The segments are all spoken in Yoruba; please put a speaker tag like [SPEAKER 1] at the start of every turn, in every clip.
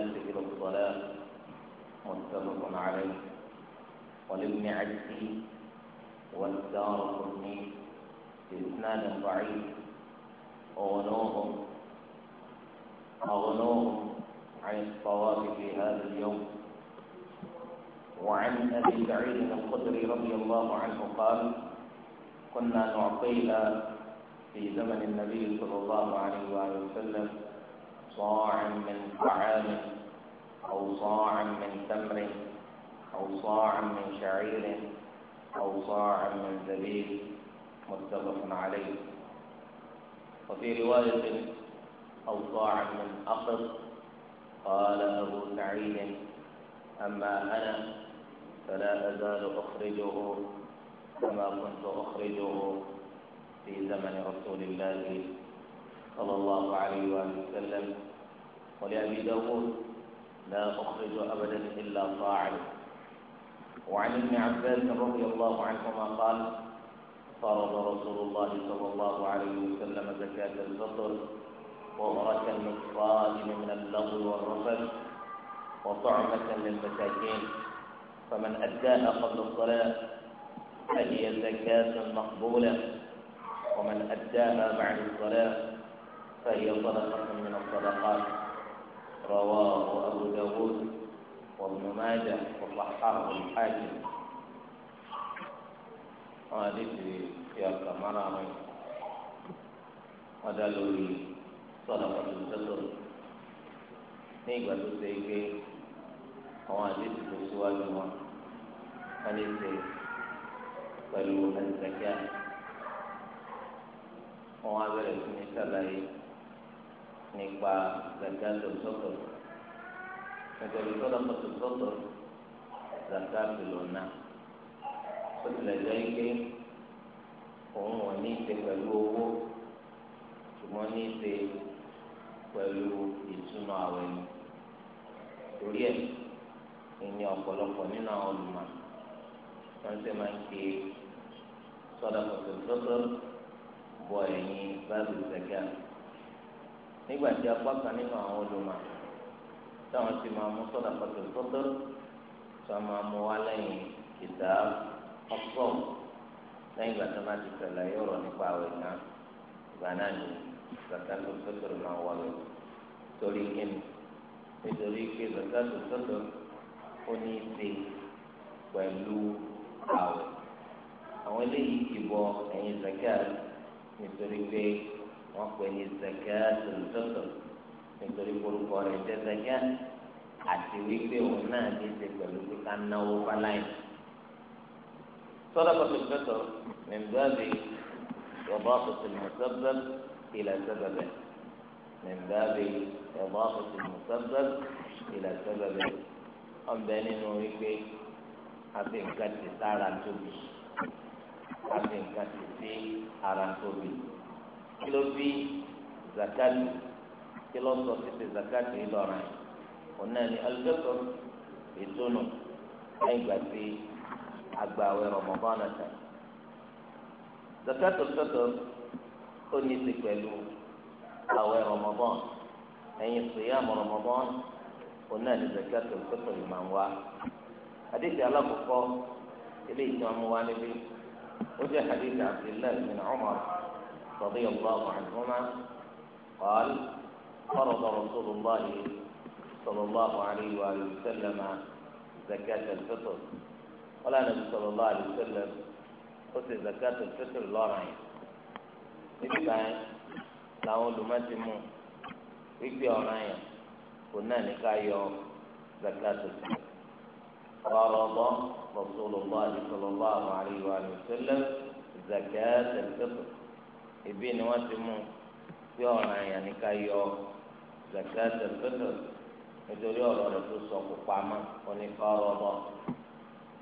[SPEAKER 1] الناس إلى الصلاة متفق عليه ولابن عجزه والدار قرني بإسناد ضعيف أغنوهم أغنوهم عن الصواب في هذا اليوم وعن أبي سعيد الخدري رضي الله عنه قال كنا نعطيها في زمن النبي صلى الله عليه وآله وسلم صاع من طعام أو صاع من تمر أو صاع من شعير أو صاع من زبيب متفق عليه وفي رواية أو صاع من أقط قال أبو سعيد أما أنا فلا أزال أخرجه كما كنت أخرجه في زمن رسول الله صلى الله عليه وآله وسلم ولأبي داود لا أخرج أبدا إلا طاعا وعن ابن عباس رضي الله عنهما قال فرض رسول الله صلى الله عليه وسلم زكاة الفطر وبركة للصائم من اللغو والرفث وطعمة للمساكين فمن أداها قبل الصلاة فهي زكاة مقبولة ومن أداها بعد الصلاة فهي صدقة من الصدقات رواه أبو داود وابن ماجه وصححه الحاكم وحديث يا كمرامي ودلوا لي صدقة الفطر nígbà tó ṣe pé àwọn àdéhùn tó síwájú wọn wọn lè ṣe pẹ̀lú ẹ̀ńtẹ̀kíà wọn á bẹ̀rẹ̀ sí nípa zaka tó sọ̀tọ̀ nítorí tó lọ́kọ̀ tó sọ̀tọ̀ zaka tó lò ná ó tilẹ̀ jẹ́ ike òun ò ní ṣe pẹ̀lú owó ṣùgbọ́n ní ṣe pẹ̀lú ìtúnu àwẹ̀ ni torí ẹ̀ ìní ọ̀pọ̀lọpọ̀ nínú àwọn olùmọ̀ wọ́n ṣe máa ń ṣe sọ́dọ̀ pọ̀tòtòtò bọ ẹ̀yìn báàbù zaka nígbà tí apá kan nínú àwọn olùmọ̀ táwọn sì máa mú sọ́dà pàtó sọ́tọ́ tó máa mú wá lẹ́yìn ìdá ọ̀pọ̀ lẹ́yìn ìgbà tó máa ti tẹ̀lé yọ̀rọ̀ nípa àwẹ̀ náà ìgbà náà ni zakato sọ́tọ̀ máa wà lọ torí kíni nítorí pé zakato sọ́tọ̀ ó ní í ṣe pẹ̀lú àwẹ̀ àwọn eléyìí ti bọ ẹ̀yìn nítorí pé wọ́n pè ní zakatul fitr nítorí orúkọ rẹ̀ jẹ́ zakat àti wípé òun náà ní í ṣe pẹ̀lú pé ká náwó fáláyìn. sadaqatul fitr min babi idaafatil musabbab ila sababi min babi idaafatil musabbab ila sababi ọ̀bẹ nínú wípé àfi nǹkan ti sára tóbi àfi nǹkan ti sí ara tóbi kí ló bí zakali kí ló sọ títí zakali ńlọrọrin ọ̀nà ni alùpùpù ìtúnu lẹ́yìn ìgbà tí agbàwẹ̀ Ramadan tán zakatul fitr ó ní ti pẹ̀lú àwẹ̀ Ramadan ẹ̀yìn siyam Ramadan ọ̀nà ni zakatul fitr yìí máa ń wá hadithi alákòókò eléyìí tí wọ́n mú wá níbí ó jẹ́ hadithi Abdullahi bin Umar. رضي الله عنهما قال فرض رسول الله صلى الله عليه وآله وسلم زكاة الفطر ولا نبي صلى الله عليه وسلم قلت زكاة الفطر لا nígbà yẹn làwọn ما mú wípé ọ̀ràn قلنا kò náà ní ká yọ فرض رسول الله صلى الله عليه وآله وسلم زكاة الفطر ìbí ni wọ́n ti mú pé ọ̀ràn àyàn ní yọ zakat al-fitr nítorí ọ̀rọ̀ rẹ̀ tó sọ kó pamọ́ onífà ọ̀rọ̀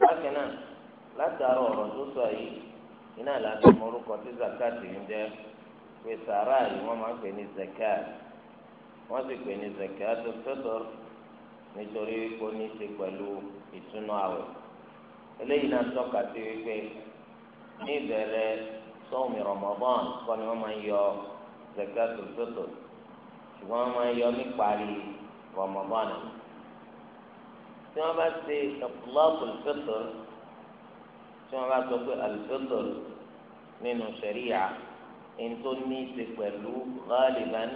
[SPEAKER 1] bákan náà látara ọ̀rọ̀ tó sọ yìí iná láti mọ orúkọ tí zakat ń jẹ́ pé sàrà yìí wọ́n máa ń pè ní zakat wọ́n sì pè ní zakat al-fitr nítorí kó ní í ṣe pẹ̀lú ìtúnu àwẹ̀ eléyìí náà tọ́ka sí wípé ní ìbẹ̀rẹ̀ sọ́ọ̀mù Ramadan kọ́ ni wọ́n máa ń yọ zakatul fitr ṣùgbọ́n wọ́n máa ń yọ níparí Ramadan tí wọ́n bá ṣe ìtọ́kùlọ́kùl fitr tí wọ́n bá sọ pé al-fitr nínú sẹ̀ríyà ẹni tó ní í ṣe pẹ̀lú ghaliban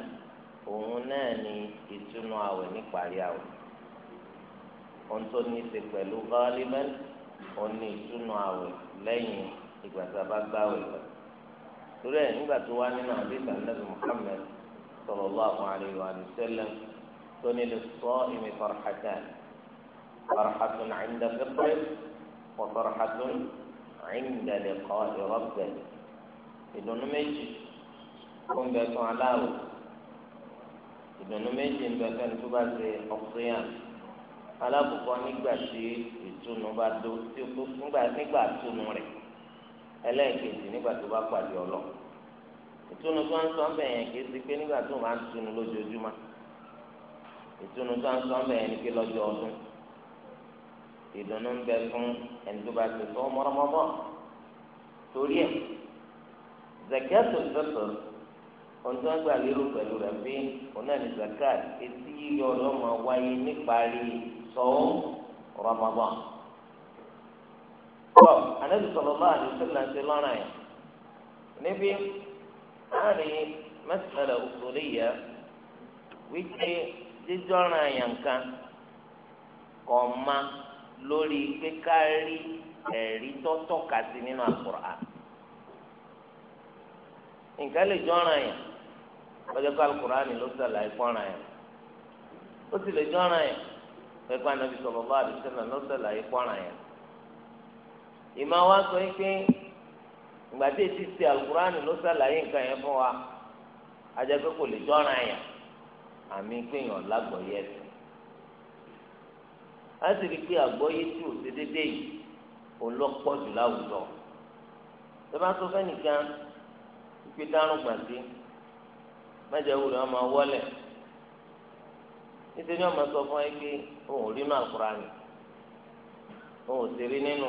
[SPEAKER 1] òun náà ni ìtúnu àwẹ̀ níparí àwẹ̀ ohun tó ní í ṣe pẹ̀lú ghaliban òun ni ìtúnu àwẹ̀ lẹ́yìn ìgbà tá torí ẹ̀ nígbà tó wá nínú àdéhùn ànábì Muhammad sallallahu alayhi wa sallam tó ní lè sọ èmi farahàtà farahàtà àìndà fẹ́fẹ́ wọ farahàtà àìndà lè kọ́ ìrọ́bẹ̀ ìdùnnú méjì ó ń bẹ fún aláwọ̀ ìdùnnú méjì ń bẹ fẹ́ni tó bá ṣe ọ̀sìyàn alákòókò nígbà tí ìtùnú bá dó tí ó kó nígbà ìtùnú rẹ̀ ẹlẹ́ẹ̀kejì nígbà tó bá pàdé ọlọ́ ìtúnu tó ń sọ ọ́nbẹ̀ yẹn kìí ti pé nígbà tó máa ń túnu lójoojúmọ́ ìtúnu tó ń sọ ọ́nbẹ̀ yẹn ni pé lọ́jọ́ ọdún ìdùnnú ń bẹ fún ẹni tó bá ti sọ mọ́rọ́mọ́bọ́ torí ẹ̀ zakiatu fẹ́tọ̀ ohun tó ń gbà lérò pẹ̀lú rẹ̀ pé òun náà ní zakat etí yíyọ ọlọ́mọ wáyé níparí sọ́ọ́ rọ́mọ́bọ́n bọ́ anabi sallallahu alaihi wasallam ti lọ́nà yẹn níbi láàrin mas'ala usuliyya wípé jíjọ́ràn yàn kan kọ̀ ma lórí pé ká ẹ̀rí tó tọ́ka nínú Al-Qur'an nǹkan lè jọ́ràn yàn lọ́jọ́ kó Al-Qur'an ló sàlàyé fọ́ràn yàn ó sì lè jọ́ràn yàn pẹ̀lú Ànábì sallallahu alaihi wasallam ló sàlàyé fọ́ràn yàn ìmọ̀ wa sọ pé ìgbà tí èsì ṣe alukurani ló ṣàlàyé nǹkan yẹn fún wa ajẹ́ pé kò lè jọ́ra yẹn àmì péyàn lágbọ̀ọ́yé ẹ̀sìn a sì rí i pé àgbọ́yé tí ò ṣe déédéé yìí òun lọ pọ̀ jù láwùjọ tó bá tó fẹ́nìkan pípé dárùn gbàgbé mẹ́jọ wúlò ọmọ wọlé nítorí ọmọ sọ fún ẹ pé òun ò rí nínú alukurani òun ò sì rí nínú.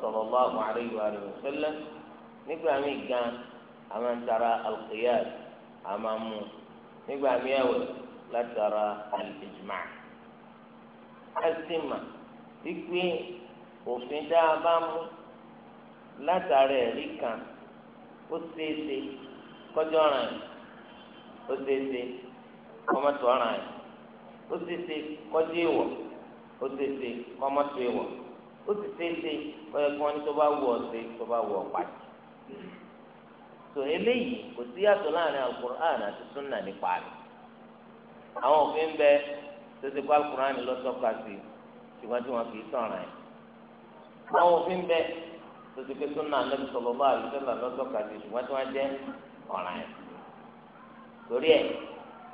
[SPEAKER 1] sallallahu alaihi wa sallam nígbà míì gan àwọn ń tara alqiyas àmà mú nígbà míì ẹ̀wẹ̀ látara al-ijma' ẹsìnmà wípé òfin tá a bá mú látara ẹ̀rí kan ó ṣeéṣe kọjọ́ ọ̀ràn yìí ó ṣeéṣe kọ́mọ́tò ọ̀ràn yìí ó ṣeéṣe kọjọ́ ìwọ̀ ó ṣeéṣe kọ́mọ́tò ìwọ̀. ó sì ṣeéṣe ọyọ kí wọn ní tó bá wù ọ sí tó bá wù ọ pàṣẹ. tó eléyìí kò sí yàtọ̀ láàrin alukur'an àti sunna nípa rẹ̀ àwọn òfin bẹ tó kó alukur'an lọ sí ṣùgbọ́n tí wọn kì sọ̀ràn ẹ̀. àwọn òfin bẹ tó kó sunna lẹ́nu sọ̀rọ̀ bá àlùsọ̀là lọ sí ṣùgbọ́n tí wọn jẹ́ ọ̀ràn ẹ̀. torí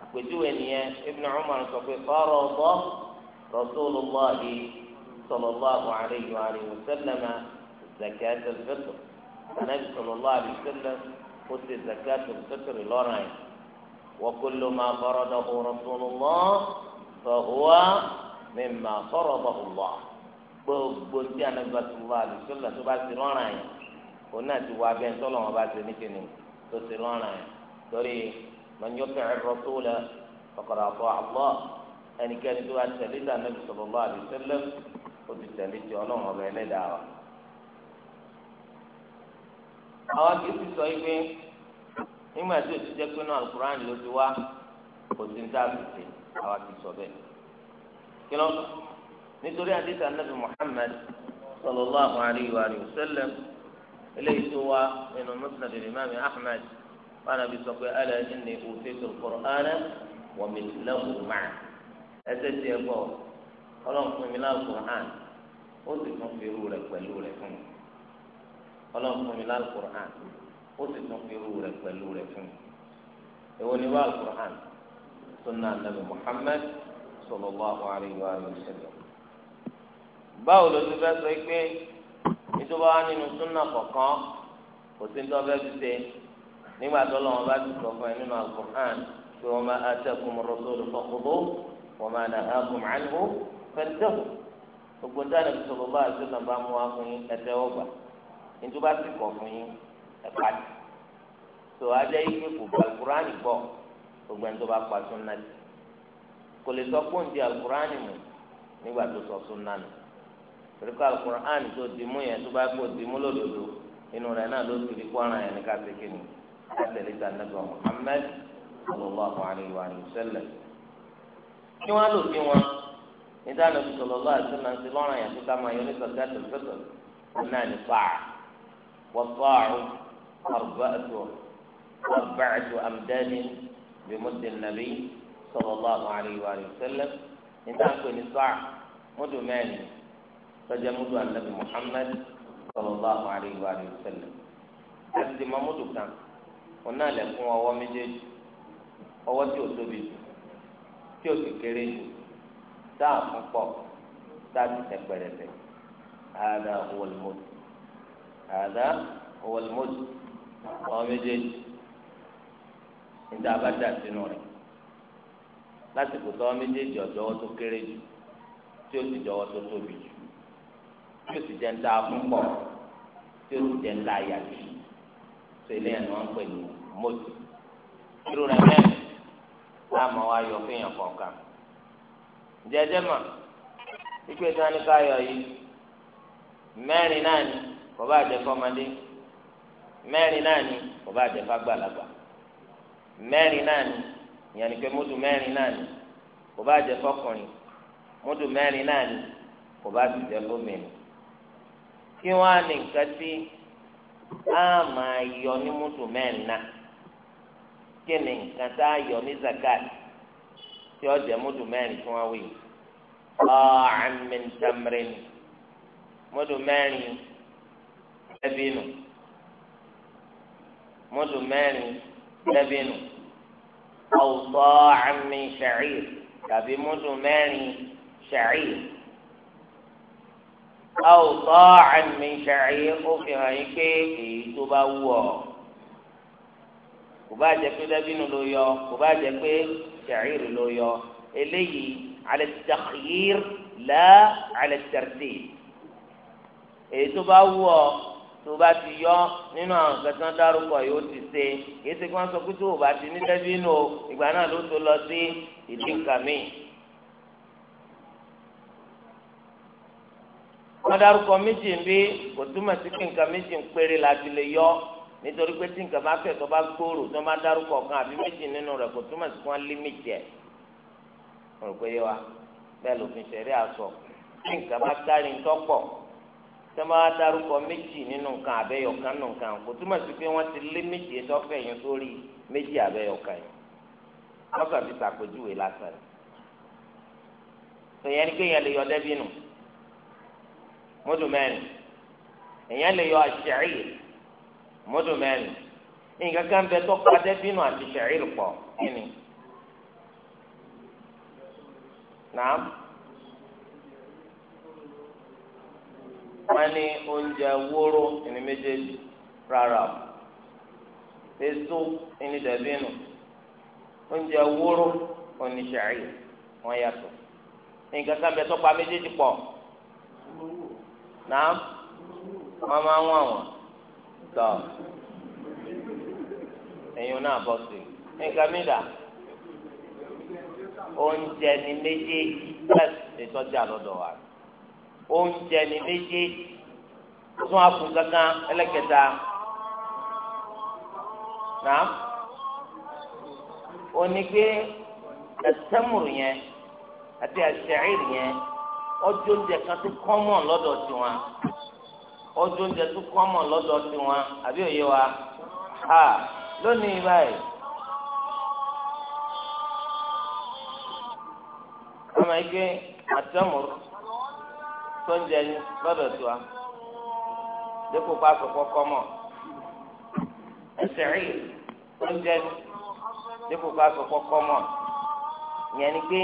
[SPEAKER 1] àpèjúwe nìyẹn sọ pé kọ́ ọ̀rọ̀ صلى الله عليه وآله وسلم زكاة الفطر النبي صلى الله عليه وسلم قلت زكاة الفطر لورين وكل ما فرضه رسول الله فهو مما فرضه الله gbogbo tí anagba sọlá alùsọlá tó bá ti rọrùn àyàn òun náà ti wá abẹ ńsọlọ wọn bá ti ní kíni tó ti rọrùn àyàn torí mọnyọkẹ ẹrọsọlá ọkọlọpọ àlọ ẹnikẹni tó bá tẹlẹ ìdánilẹ sọlọ alùsọlá ó ti tẹ̀lé ti ọlọ́run ọba ẹlẹ́dàá wa. àwọn kìí ti sọ pé nígbà tí òtún jẹ́ pé náà alukur'an ló ti wá kò sí ní sáàbùsì àwọn kìí sọ bẹ́ẹ̀. kí ló nítorí àdìsá nàbì Muhammad sallallahu alayhi wa sallam eléyìí tó wá nínú musnad imam Ahmad wọn àbí sọ pé ala inni utitu al-Qur'ana wa mithlahu ma'a ẹsẹ̀ tiẹ̀ bọ̀ ọlọ́run fún mi náà Qur'an ó sì tún fi irú rẹ̀ pẹ̀lú rẹ̀ fún mi ọlọ́run fún mi lálùkùrán ó sì tún fi irú rẹ̀ pẹ̀lú rẹ̀ fún mi èwo ni wàá alùkùrán sunna anabi muhammed sallallahu alayhi wa sallam báwo ló ti fẹ́ sọ pé ìjọba wa nínú sunna kọ̀ọ̀kan kò sí nítorí ọbẹ̀ ti ṣe nígbà tó lọ́wọ́ bá ti sọ fún ẹ nínú alùkùrán pé wọ́n máa atakum ar-rasul fakhudhuhu wa ma nahakum anhu fantahu gbogbo dáná bí sọ̀rọ̀ bá àti ọ̀nà bá mú wa fún yín ẹ̀tẹ́ ọgbà nítorí bá ti kọ̀ fún yín ẹ̀ka tì tó ajá ike kò gba alukurani gbọ́ gbogbo ẹni tó bá pa súnà tì kò lè sọ pé di alukurani mu nígbà tó sọ súnà nù torí pé alukurani tó di mú yẹn tó bá kó di mú lòdòdò inú rẹ̀ náà ló ti di kọ́ran yẹn ní kásìkì ni àtẹ̀lé ta nàgbà Muhammad sallallahu alaihi wa sallam kí wọ́n lò sí wọn níta lọ sí sọlọ lọ́wọ́ àti náà sí lọ́rùn àyàfi ká máa yọ ní sọ̀tẹ́ tó fẹ́tọ̀ náà ní fáà wọ́n fáàrù arba'atu arba'atu amdani bi muddi nabi sallallahu alayhi wa sallam níta ń pè ní fáà mudu mẹ́rin sọ́jà mudu anabi muhammad sallallahu alayhi wa sallam àti dìmọ̀ kan wọn náà lè ọwọ́ méjèèjì ọwọ́ tí o tóbi tí o sì jù táà fún pọ̀ táà Ada tẹ̀ ada àdá wọlmọdù àdá wọlmọdù àwọn méjèèjì níta bá dà sínú rẹ̀ lásìkò táwọn méjèèjì ọ̀jọ́wọ́ tó kéré jù tí ó sì jọwọ́ tó tóbi jù tí ó sì jẹ́ níta fún pọ̀ tí ó sì jẹ́ níta yà jù tó ilé ẹ̀ ni wọ́n ń ní mọ́tò irú rẹ̀ mẹ́rin láàmú wa yọ fún yàn kọ̀ọ̀kan jẹjẹ mà ikú ètò àníkà ayọ̀ yìí mẹ́rin náà ni kò bá jẹ fọmọdé mẹ́rin náà ni kò bá jẹ fàgbàlagbà mẹ́rin náà ni ìyẹn ni pé mọ́tò mẹ́rin náà ni kò bá jẹ fọkùnrin mọ́tò mẹ́rin náà ni kò bá sì jẹ fọmọdé kí wọn á ní nǹkan tí a máa yọ ní mọ́tò mẹ́rin náà kí ni nǹkan tá a yọ ní zakat tí ó jẹ múdù mẹ́rin tí wọ́n wí ọ̀ọ́n min tamrin múdù mẹ́rin lẹ́bínú múdù mẹ́rin lẹ́bínú ọ̀ọ́n min sha'ir tàbí múdù mẹ́rin sha'ir ọ̀ọ́n min sha'ir ó fi hàn yín pé èyí tó bá wù ọ́ kò bá jẹ pé lẹ́bínú ló yọ kò bá jẹ pé ṣàìrì ló yọ eléyìí alẹ́ tàkìyìr lá alẹ́ tẹ̀rẹ̀tì èyí tó bá wù ọ́ tó bá ti yọ nínú àwọn kẹsàn-án dárúkọ yóò ti ṣe kìí ṣe kí wọ́n sọ pé tó o bá ti ní dẹ́bí nù o ìgbà náà ló tó lọ sí ìdí nǹkan mi. wọ́n dárúkọ méjì ń bí kò túmọ̀ sí pé nǹkan méjì ń péré la ti lè yọ nítorí pé tí nǹkan bá fẹ̀ tó bá gbòòrò tó bá dárúkọ kan àbí méjì nínú rẹ̀ kò túmọ̀ sí wọn lé méjì ẹ̀ mo rò pé yé wa bẹ́ẹ̀ lòfin ṣẹ̀rí àsọ tí nǹkan bá kárí ńtọ́pọ̀ tó bá dárúkọ méjì nínú nǹkan àbẹ́yọkan nínú nǹkan kò túmọ̀ sí pé wọ́n ti lé méjì tó fẹ̀ yín sórí méjì àbẹ́yọkan yìí wọ́n kàn fi ṣàpèjúwe lásán èèyàn ní kéèyàn lè yọ dẹ́bí nù mọ́dù mẹ́rin èèyàn lè yọ àṣẹ mọ́tò mẹ́rin nǹkan kan bẹ tó padẹ́ bínú àti ṣẹ̀rìrì pọ̀ kíni. Nàám. Wọ́n ní oúnjẹ wóró ẹni méjèèjì rárá o. ẹni dàbínú. Oúnjẹ wóró ẹni ṣẹ̀rìrì wọ́n Nǹkan tọ́ ẹ̀yin náà bọ̀ sí nǹkan mi dà oúnjẹ ni méjèèjì bẹ́ẹ̀ ìtọ́jú àlọ́dọ̀ wa oúnjẹ ni méjèèjì tún àpò kankan ẹlẹ́kẹta náà onígbé yẹn àti yẹn ọjọ́ oúnjẹ kan tó kọ́mọ̀ lọ́dọ̀ tiwọn. ọdún oúnjẹ tó kọ́mọ̀ lọ́dọ̀ tiwọn àbí òye wa ha lónìí báyìí. ọmọ ike àtẹmùrú tó ń jẹ ní lọ́dọ̀ tiwa dípò pàṣẹ kọ́kọ́ mọ̀ ẹsẹ̀ rí tó ń jẹ ní dípò pàṣẹ kọ́kọ́ mọ̀ yẹn ni pé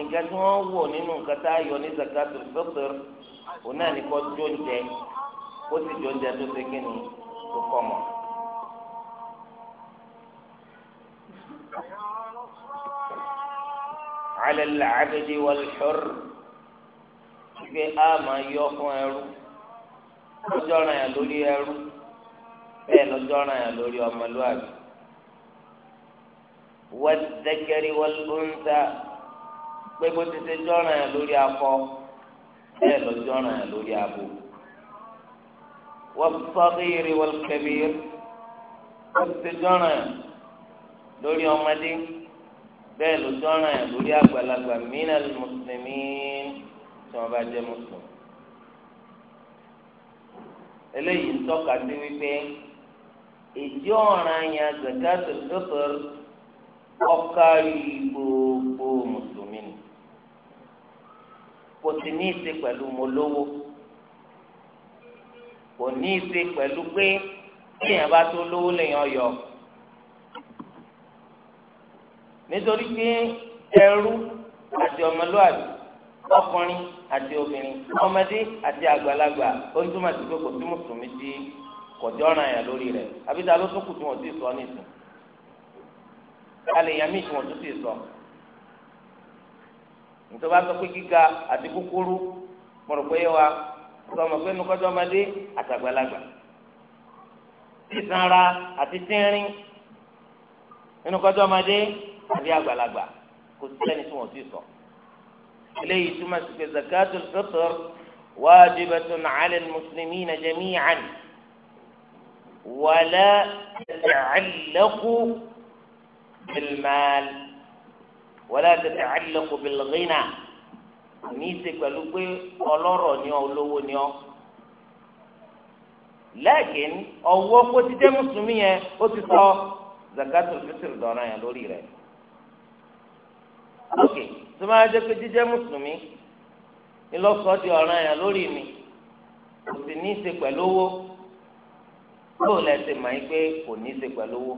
[SPEAKER 1] nǹkan tí wọ́n wò nínú nǹkan tá a yọ ní zakatul fitr òun náà ní tó ń ó sì jọ oúnjẹ tó ṣe kíni tó kọ́ mọ́. على العبد والحر pé a máa yọ fún ẹrú lọ́jọ́ ọ̀ràn yà lórí ẹrú bẹ́ẹ̀ lọ́jọ́ ọ̀ràn yà lórí ọmọlúwàbí. wọ́dẹ́kẹ́rì wọ́lúńtà pé bó ti ṣe jọ́ràn yà lórí akọ bẹ́ẹ̀ lọ́jọ́ yà lórí abo. والصغير والكبير والسجنة لولي أمدي بل سجنة لولي أقبل من المسلمين ثم بعد مسلم eléyìí ń tọ́ka sí wípé ìjọ ọ̀ràn yẹn zakatul fitr ọ̀kárí gbogbo mùsùlùmí ni kò sì ní í ṣe pẹ̀lú mọ́lówó kò ní í ṣe pẹ̀lú pé kéèyàn bá tó lówó lèèyàn yọ nítorí pé ẹrú àti ọmọlúwàbí ọkùnrin àti obìnrin ọmọdé àti àgbàlagbà ó ń túmọ̀ sí pé kò sí mùsùlùmí tí kò jọ́ràn yàn lórí rẹ̀ àbí ló tún kù tí wọ́n ti sọ nìsín alẹ́ yẹn míì tí wọ́n tún ti sọ nítorí wọ́n bá sọ pé gíga àti kúkúrú mo pé yẹ wa. sọmọ pé nukọjọ kọjọ ọmọdé àtàgbàlagbà sísanra àti tínrín ọmọdé ọmọdé àti àgbàlagbà kò sẹ́ni ẹni tí wọn ti sọ. eléyìí túmọ̀ sí pé zakatul fitr واجبة على المسلمين جميعا ولا تتعلق بالمال ولا تتعلق بالغنى kò ní í ṣe pẹ̀lú pé ọlọ́rọ̀ ni ọ olówó ni ọ lẹ́ẹ̀kìn ọwọ́ kó ti dé mùsùlùmí yẹn ó ti sọ zakatul fitr dọ̀ràn yẹn lórí rẹ̀ ok tó máa jẹ́ pé jíjẹ́ mùsùlùmí ńlọ́sọ̀ di ọ̀ràn yẹn lórí mi kò sì ní í ṣe pẹ̀lú owó bó lẹ ṣe mọ̀ yín pé kò ní í ṣe pẹ̀lú owó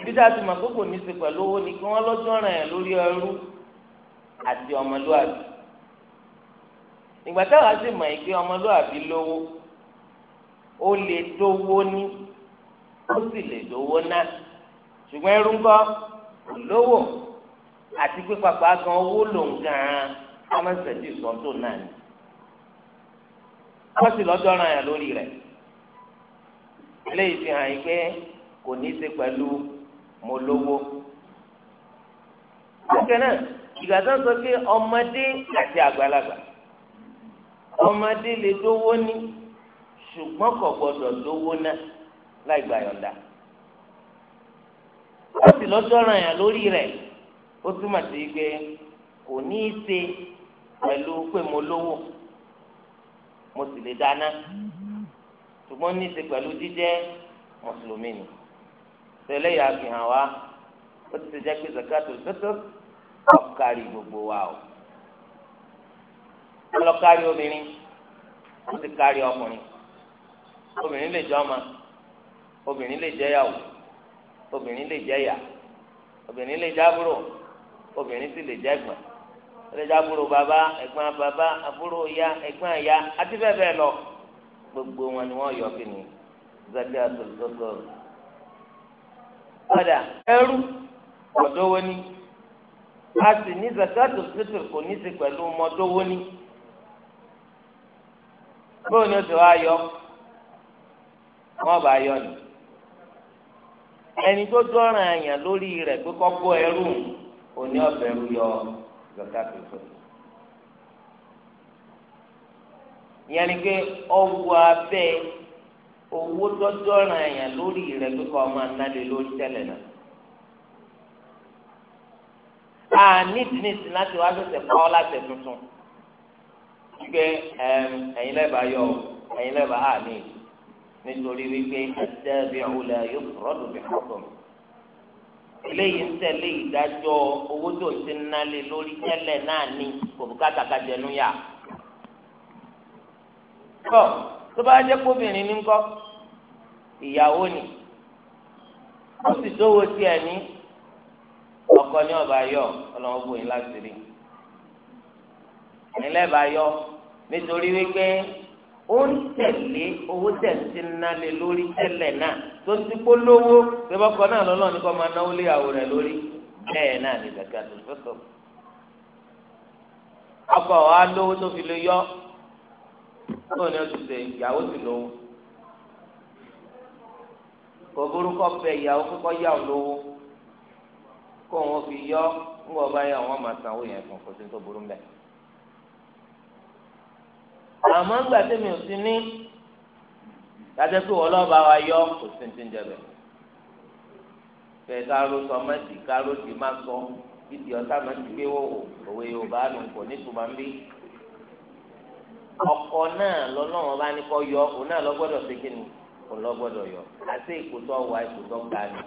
[SPEAKER 1] ibi tá a ti mọ̀ pé kò ní í ṣe pẹ̀lú owó ni kí wọ́n lọ́jọ́ ọ̀ràn yẹn lórí ẹrú àti ọmọlúwàbí ìgbà táwa sì mọ̀ ẹ́ pé ọmọlúwàbí lówó ó lè dówó ní ó sì lè dówó ná ṣùgbọ́n ẹrú ńkọ́ kò lówó àti pé pàpà gan owó lòún gan-an ọmọọ̀sẹ̀dì sọ́tò náà ni wọ́n sì lọ́dọ̀ọ́ràn yà lórí rẹ̀ eléyìí fi hàn yín pé kò ní í ṣe pẹ̀lú mo lówó. bákan náà ìgbà tó ń sọ pé ọmọdé àti àgbàlagbà ọmọdé lè dówó ní ṣùgbọ́n kò gbọdọ̀ dówó náà láì gbà yọ̀ǹda ó sì lọ́jọ́ ràn yàn lórí rẹ̀ ó túmọ̀ sí pé kò ní í ṣe pẹ̀lú pé mo lówó mo sì lè dáná ṣùgbọ́n ní í ṣe pẹ̀lú jíjẹ́ mùsùlùmí ni tẹ̀lé yà fi hàn wá ó ti ṣe jẹ́ pé zakatul fitr ọlọ́kàrí gbogbo wa o ọlọ́kàrí obìnrin ó ti kárí ọkùnrin obìnrin lè jẹ́ ọmọ obìnrin lè jẹ́ yàwó obìnrin lè jẹ́ yà obìnrin lè jẹ́ àbúrò obìnrin sì lè jẹ́ ẹ̀gbọ́n ó lè jẹ́ àbúrò bàbá ẹ̀gbọ́n bàbá àbúrò ya ẹ̀gbọ́n ya àti bẹ́ẹ̀ bẹ́ẹ̀ lọ gbogbo wọn ni wọ́n yọ kíni zaki atolotolo padà ẹrú ọ̀dọ́wọ́ a sì ní zakato fitr kò ní sí pẹ̀lú mọ́tòwó ní bóun ni ó ti wá yọ wọn bá yọ ni ẹni tó dọ́ràn àyàn lórí rẹ̀ pé kọ́ bọ́ ẹrú òní ọ̀bẹ rú yọ zakato fitr. ìyẹn ni pé ọwọ́ abẹ́ owó dọ́dọ́ràn àyàn lórí rẹ̀ pé kọ́ ọmọ análẹ̀ lórí tẹ́lẹ̀ náà. a nídìí nídìí láti wá lóṣẹ̀ kọ́ láti tuntun wípé ẹ̀yin lẹ́bàá yọ ẹ̀yin lẹ́bàá hà ní nítorí wípé ẹ̀sẹ̀bi ọ̀húnlẹ̀ yóò rọ́dùn bí kọ́tùn. eléyìí ń tẹ̀lé ìdájọ́ owó tó ti ń nálé lórí tẹ́lẹ̀ náà ní kòbùkátà kájẹnú yà. tó tó bá jẹ́ kóbìnrin ní ńkọ́ ìyàwó ni ó sì dówó tiẹ̀ ní ọkọ ní ọba yọ ọlọ́wọ́ bò yín láti rí ẹ̀yin lẹ́ẹ̀bà yọ nítorí wípé ó ń tẹ̀lé owó tẹ̀sí ńlá lé lórí tẹ́lẹ̀ náà tó ti kó lówó pé bọ́kọ náà lọ́nà ní kó máa náwó lé àwò rẹ̀ lórí bẹ́ẹ̀ náà ní zakatul fitr ọkọ wa lówó tó fi lè yọ ó ní oṣù ìyàwó sì lówó kò burúkọ bẹ ìyàwó kíkọ yà ó lówó kó wọn fi yọ ńgbọ bá yà wọn máa sanwó yẹn fún kò sí tó burú mbẹ. àmọ́ ńgbà tẹ́mi ò sí ní dájẹ́ pé wọ́n lọ́ọ́ bá wa yọ kò sí ti ń jẹ bẹ̀. bẹ́ẹ̀ káró sọ mẹ́tì káró ti máa sọ ìdí ọ̀tá máa ti gbé wọ́wọ́ òwe yorùbá nù kò ní tùmọ̀ ń bí. ọkọ náà lọ́lọ́run bá ní kọ́ yọ òun náà lọ́gbọ́dọ̀ ṣe kí ni òun lọ́gbọ́dọ̀ yọ àti ìkòtò ọwà ìkòtò ọ̀gá ni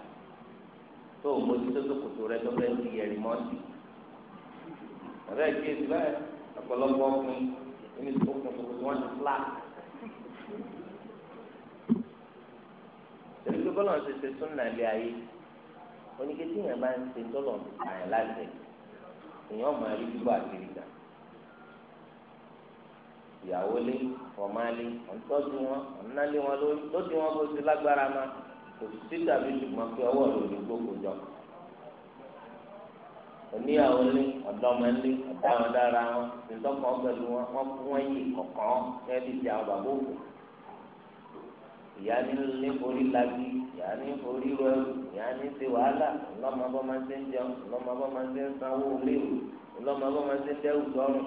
[SPEAKER 1] tó o mójútó tó kòtò rẹ tó fẹ́ di ẹ̀rí mọ́tì ọ̀rẹ́ ìkéyèsí báyìí ọ̀pọ̀lọpọ̀ ọkùnrin nínú ìfowópamọ́ tó kòtò wọn ti fúlá. tẹ̀lé tó bọ́lá ń ṣe ṣe súnà ilé ayé oníke tí èèyàn bá ń ṣe tọ́lọ̀ àyàn láti èèyàn máa rí bíbọ̀ àti ìgbà ìyàwó lé ọ̀má lé ọ̀ńtọ́jú wọn ọ̀nálé wọn lórí lójú wọn bó ti lágbára máa òsì tàbí ṣùgbọ́n pé ọwọ́ rẹ̀ ò ní gbogbo jọ. oníyàwó ní ọ̀dọ́mọlé ọ̀daràn dára wọn ìtọ́kọ̀ pẹ̀lú wọn wọ́n fún wọn yìí kọ̀ọ̀kan kẹ́ẹ́dì ti àwọn bàbá òkú. ìyá ní ní orí lagi ìyá ní orí rẹ ìyá ní ti wàhálà ńlọ́mọbọ́ máa ń ṣe ń jẹun ńlọ́mọbọ́ máa ń ṣe ń sanwó léwu ńlọ́mọbọ́ máa ń ṣe ń dẹ́rù sọ́run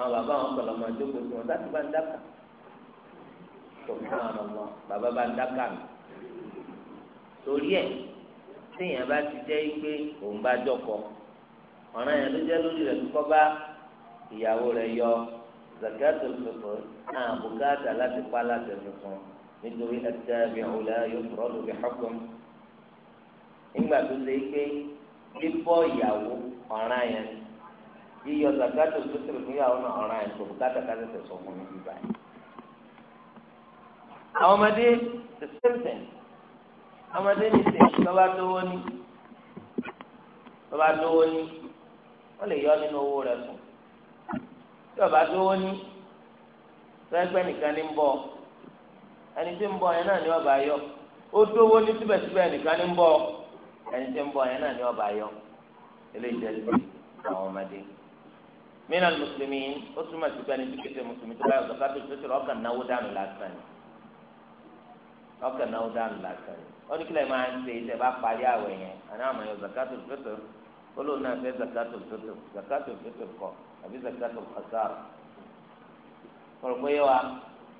[SPEAKER 1] àwọn bàbá àwọn pẹ̀lú ọmọ ìjókòó tí wọn láti bá ń dáka tó fún àwọn ọmọ bàbá bá ń dáka mi torí ẹ téèyàn bá ti jẹ́ pé òun bá jọkọ ọ̀ràn yẹn ló jẹ́ lórí rẹ̀ kíkọ́ bá ìyàwó rẹ̀ yọ zakato fífọ́ náà bùkátà láti pa láti fífọ́ nítorí ẹ̀tẹ́ mi ò lẹ́ yóò fọ̀rọ̀ lórí ọkùnrin nígbà tó ṣe pé bíbọ́ ìyàwó ọ̀ràn yẹn yíyọ zakato sotiri níyàwó náà ọ̀ràn ẹ̀ tó bùkátà kájọ tẹ̀ sọ fún mi bí báyìí. àwọn ọmọdé the same thing ọmọdé ní sèyí lọ́ba lówó ní lọ́ba lówó ní wọ́n lè yọ nínú owó rẹ̀ fún tí ọba lówó ní sọ́ẹ́gbẹ́ nìkan ní ń bọ̀ ẹni tí ń bọ̀ yẹn náà ní ọba yọ ó dówó ní síbẹ̀síbẹ̀ nìkan ní ń bọ̀ ẹni tí ń bọ̀ yẹn náà ní ọba yọ eléyìí jẹ́ sí àwọn ọmọdé mina mùsùlùmí ó túmọ̀ sí pé ẹni tí kéde mùsùlùmí tó bá yọ zakato fitiri ọkàn náwó dànù lásán ni ọkàn náwó dànù lásán ni ó ní kílẹ̀ máa ń ṣe ìṣẹ̀ bá parí àwẹ̀ yẹn àná àmọ̀ yọ zakato fitiri olóòwò náà fẹ́ zakato fitiri zakato fitiri kọ àbí zakato kasar kọ̀rọ̀kọ̀ yẹ wa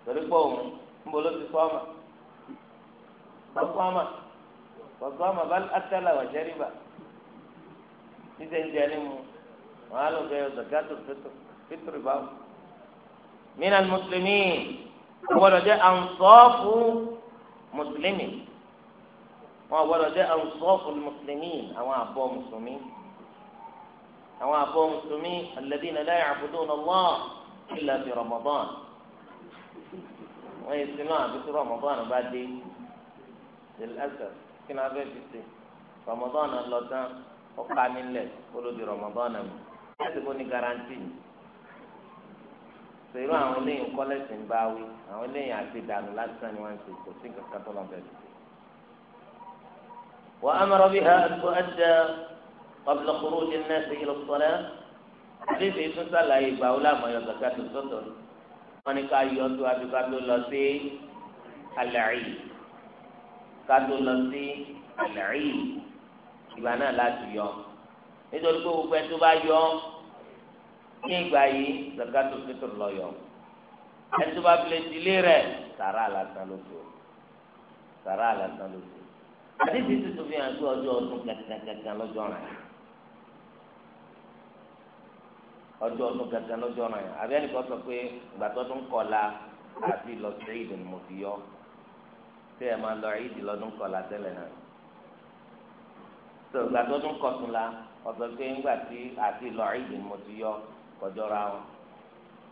[SPEAKER 1] torí pé òun ń bolo ti fọ́ ọmọ kọ̀ọ̀kọ̀ ọmọ kọ̀ọ̀kọ̀ ọmọ bá akálà wà jẹ́rìbà ní wọn á lọ fẹ́ zakatul fitr fitr báwo. mina mùsùlùmí gbọ́dọ̀ jẹ́ ansọ́ọ̀fù mùsùlùmí wọn gbọ́dọ̀ jẹ́ ansọ́ọ̀fù mùsùlùmí àwọn àbọ̀ mùsùlùmí àwọn àbọ̀ mùsùlùmí alladhina la ya'buduna Allah illa fi Ramadan wọ́n yẹ sinú àbísí rọmọdán bá dé ẹsẹ̀ kí ni a fẹ́ fi ṣe rọmọdán lọ tán ó ká nílẹ̀ ó ló di rọmọdán mi láti ní garanti so irú àwọn eléyìí ń bá wí àwọn eléyìí àti ìdànù lásán ni wọ́n ń kò sí kankan tó lọ́n bẹ̀rẹ̀ sí. وأمر بها أن تؤدى قبل خروج الناس إلى الصلاة حديث يسوع صلى الله عليه وسلم ما يزكاة الفطر wọ́n ní ká yọ tó àbí ká tó lọ sí àlàyé ká tó lọ sí àlàyé ìgbà náà láti yọ nítorí pé gbogbo ẹni tó bá yọ ní ìgbà yìí zakatul fitr lọ yọ ẹni tó bá filẹ̀ sílé rẹ̀ sàrà àlàsàn ló tó sàrà àlàsàn ló tó àdìsí tuntun fi hàn sí ọjọ́ ọdún kankan lọ́jọ́ rẹ̀ ọjọ́ ọdún gangan lọ́jọ́ náà yẹn àbí ẹnìkan sọ pé ìgbà tó tún kọ̀la àti lọ sí ìdùn ni mo fi yọ tí ẹ máa lọ ìdì lọ́dún kọ̀la tẹ́lẹ̀ náà tó ìgbà tó tún kọ̀tún la ọ̀sọ̀ pé ńgbà tí àti lọ ìdè mo ti yọ kọjọra wọn.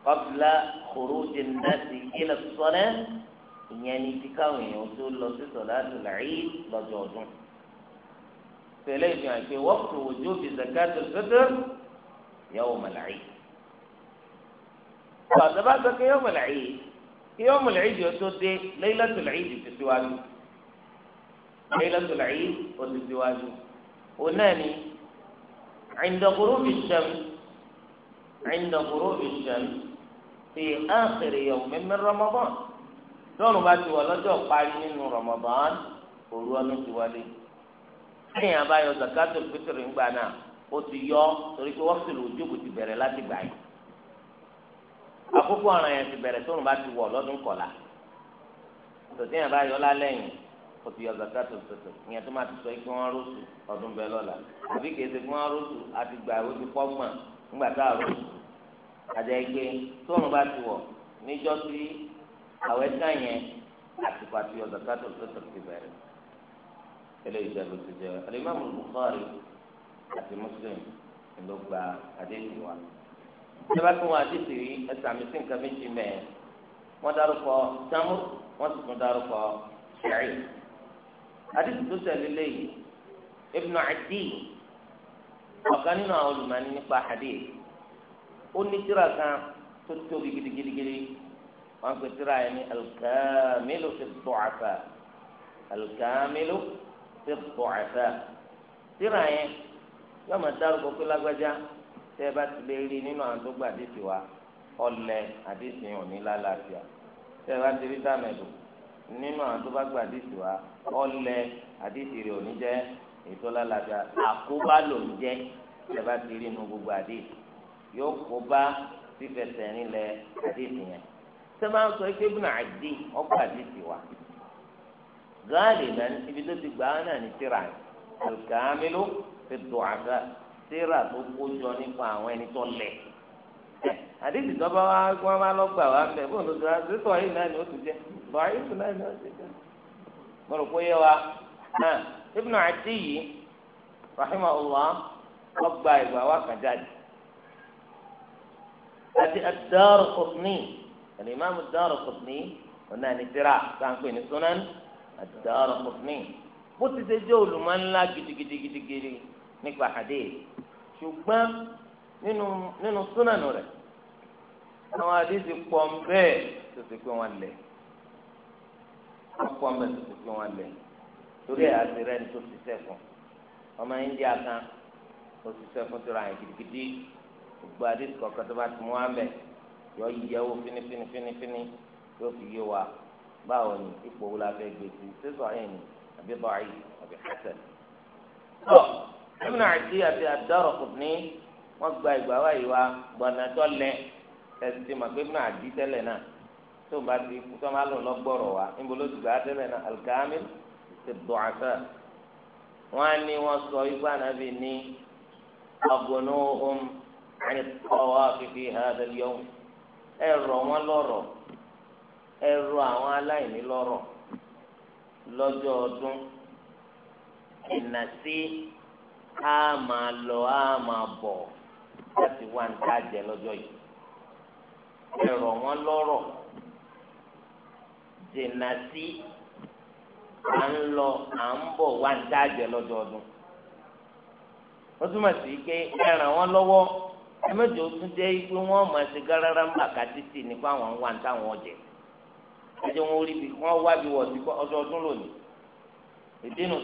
[SPEAKER 1] kọ́bílà kòró jẹ ndáàsì ilẹ̀ sọ́nẹ́ ìyẹn ni ti káwọn èèyàn tó lọ sí sọ̀dá làáyé lọ́jọ́ ọdún. tẹ̀lé ìfihàn pé wọ́pù òjò fi zakat al-fitr yawm al ọ̀sọ̀bá sọ pé yawm al kí yawm al yóò tó dé laylatul eid ti síwájú laylatul eid ti síwájú. òun ni عند غروب الشمس عند غروب الشمس في آخر يوم من رمضان lọ́nù bá ti wà lọ́jọ́ parí nínú Ramadan òru ọdún ti wọlé ẹ̀yìn àbáyọ zakato pétérì ńgbà náà ó ti yọ torí pé wọ́n sì lò ojú ti bẹ̀rẹ̀ láti gbà yìí àkókò ọ̀ràn yẹn ti bẹ̀rẹ̀ tóun bá ti wọ̀ lọ́dún kọ̀la tòtí ẹ̀yìn àbáyọ lálẹ́ yìí o ti yọ zakato tètè ìyẹn tó máa ti sọ pé wọn rọṣù ọdún bẹ́ẹ̀ lọ́la àbí kìí ṣe pé wọn rọṣù àti gbà ìwé ti pọ́ gbọ̀n ńgbà tá a rọṣù àjẹ́ ike tóun bá ti wọ̀ níjọ́ sí àwẹ̀ ká yẹn àtìkọ́ àti yọ zakato tètè ti bẹ̀rẹ̀ eléyìí jẹ́ ló ti jẹ́ alimami Bukhari àti Muslim ló gba àdéhùn wa ìjọba tí wọn àdéhùn yìí ẹsẹ̀ àmì sí nǹkan méjì mẹ́ẹ̀ wọ́n dárúkọ tamur wọ́n sì tún dárúkọ ṣẹ́yìn àdìsí tó tẹ̀lé léyìí ibnu adi ọ̀kan nínú àwọn olùmọ̀ọ́ni nípa hadith ó ní tírà kan tó tóbi gidigidigidi wọn pe tírà yẹn ní alukamilu fi du'afa alukamilu fi du'afa tírà yẹn yóò máa dárúkọ pé lágbájá tẹ́ ẹ bá ti lè rí nínú àwọn tó gba àdìsí wa ọ̀lẹ àdìsí yẹn ní lálàáfíà tẹ́ bá ti rí dáàmẹ́dùn nínú àwọn tó bá gba àdìsí wa ọlẹ àdìsí rẹ òní jẹ ètò lálàjà àkóbá ló ń jẹ ìjọba ti rí inú gbogbo àdìsí yóò kóbá fífẹsẹ̀ nílẹ̀ àdìsí yẹn sẹ́mi àwọn sọ pé ibùnà àdì ọkọ̀ àdìsí wa gáàlì náà ibi tó ti gbà á náà ní tíra alùkàmílù fi dùn àga tíra tó kó jọ nípa àwọn ẹni tó lẹ̀. àdéhùn tó bá wá wọn bá lọ gbà wá bẹ bóun ló sọ àti sọ yìí náà ni ó ti jẹ bàá yìí sọ náà ni ó ti jẹ mo rò pé yé wa náà Ibn Atiyyi rahimahullah wọn gba ìgbà wá kàn jáde àti ad-Daraqutni al-Imam ad-Daraqutni wọn náà ní tíra sáńpé ní sunan ad-Daraqutni bó ti ṣe jẹ́ olùmọ̀ ńlá gidigidigidi nípa hadith ṣùgbọ́n nínú nínú súnànù rẹ̀ àwọn àdìsí pọ̀ ń bẹ́ẹ̀ tó ti pé wọn lẹ̀ pọ̀ ń bẹ́ẹ̀ tó ti pé wọn lẹ̀ torí ẹ̀ àti rẹ̀ ní tó ti sẹ́fún ọmọ India kan ó ti sẹ́fún tó ra yẹn gidigidi gbogbo àdìsí kọ̀ọ̀kan tó bá ti mú wá mẹ́ yọ yíyẹ wo fínífínífínífíní yóò fi yé wa báwo ni ipò wo la gbé sí sísọ yẹn ni àbí báyìí àbí hasan. ọ̀ ẹ̀mí náà àti àti àdárọ̀ kò ní wọ́n gba ìgbà wáyé wa gbọ̀nà tó lẹ ẹ̀sìn ti mà pé fún àdí tẹ́lẹ̀ náà tó bá ti kú tó máa lò lọ́gbọ̀rọ̀ wa níbo ló ti gbà á tẹ́lẹ̀ náà alkamil ti dùn àṣà wọ́n á ní wọ́n sọ ikú ànábì ní ọgùnú ohun àti ọwọ́ fífi hàdà yọ̀hún ẹ rọ̀ wọ́n àwọn aláìní lọ́rọ̀ lọ́jọ́ ọdún ìnà a máa lọ a máa bọ̀. láti wá ní káàjẹ lọ́jọ́ yìí ẹ̀rọ wọn lọ́rọ̀ dènà sí à ń lọ à ń bọ̀ wá ní káàjẹ lọ́jọ́ ọdún ó túmọ̀ sí pé ẹ̀ràn wọn lọ́wọ́ ẹ̀mẹ́jọ tún jẹ́ pé wọ́n máa ṣe gárárá ń bà ká títì nípa àwọn ń wá táwọn ọ̀jẹ̀ wọn rí bi wọ́n wá bí lónìí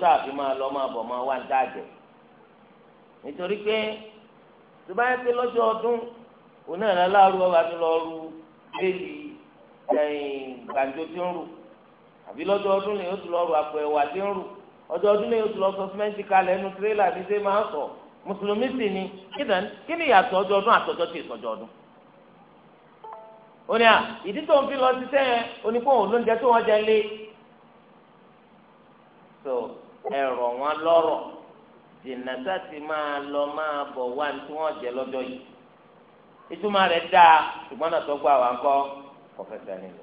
[SPEAKER 1] sáà fi máa lọ máa bọ̀ máa wá nítorí pé tó bá yẹ pé lọ́jọ́ ọdún òun náà láàárọ̀ ọba tó lọ ru béèlì gbàǹjo tí ń rù àbí lọ́jọ́ ọdún lè yóò tún lọ ru àpò ẹ̀wà tí ń rù ọjọ́ ọdún lè yóò tún lọ sọ símẹ́ǹtì kalẹ̀ ẹnu tirẹ́là ní sẹ́ máa ń sọ mùsùlùmí sì ni kí ni ìyàtọ̀ ọjọ́ ọdún àtọ́jọ́ tí ìsọjọ́ ọdún òní à ìdí tó ń fi lọ síṣẹ́ yẹn oníkóhùn lóúnjẹ tó wọ́n jẹ lé so ẹ̀rọ wọn lọ́rọ̀ dènà sáti máa lọ máa bọ̀ wá ní tí wọ́n jẹ lọ́jọ́ yìí ìtumọ̀ rẹ̀ dáa ṣùgbọ́n náà tó gbà wá ńkọ́ kò fẹsẹ̀ nílò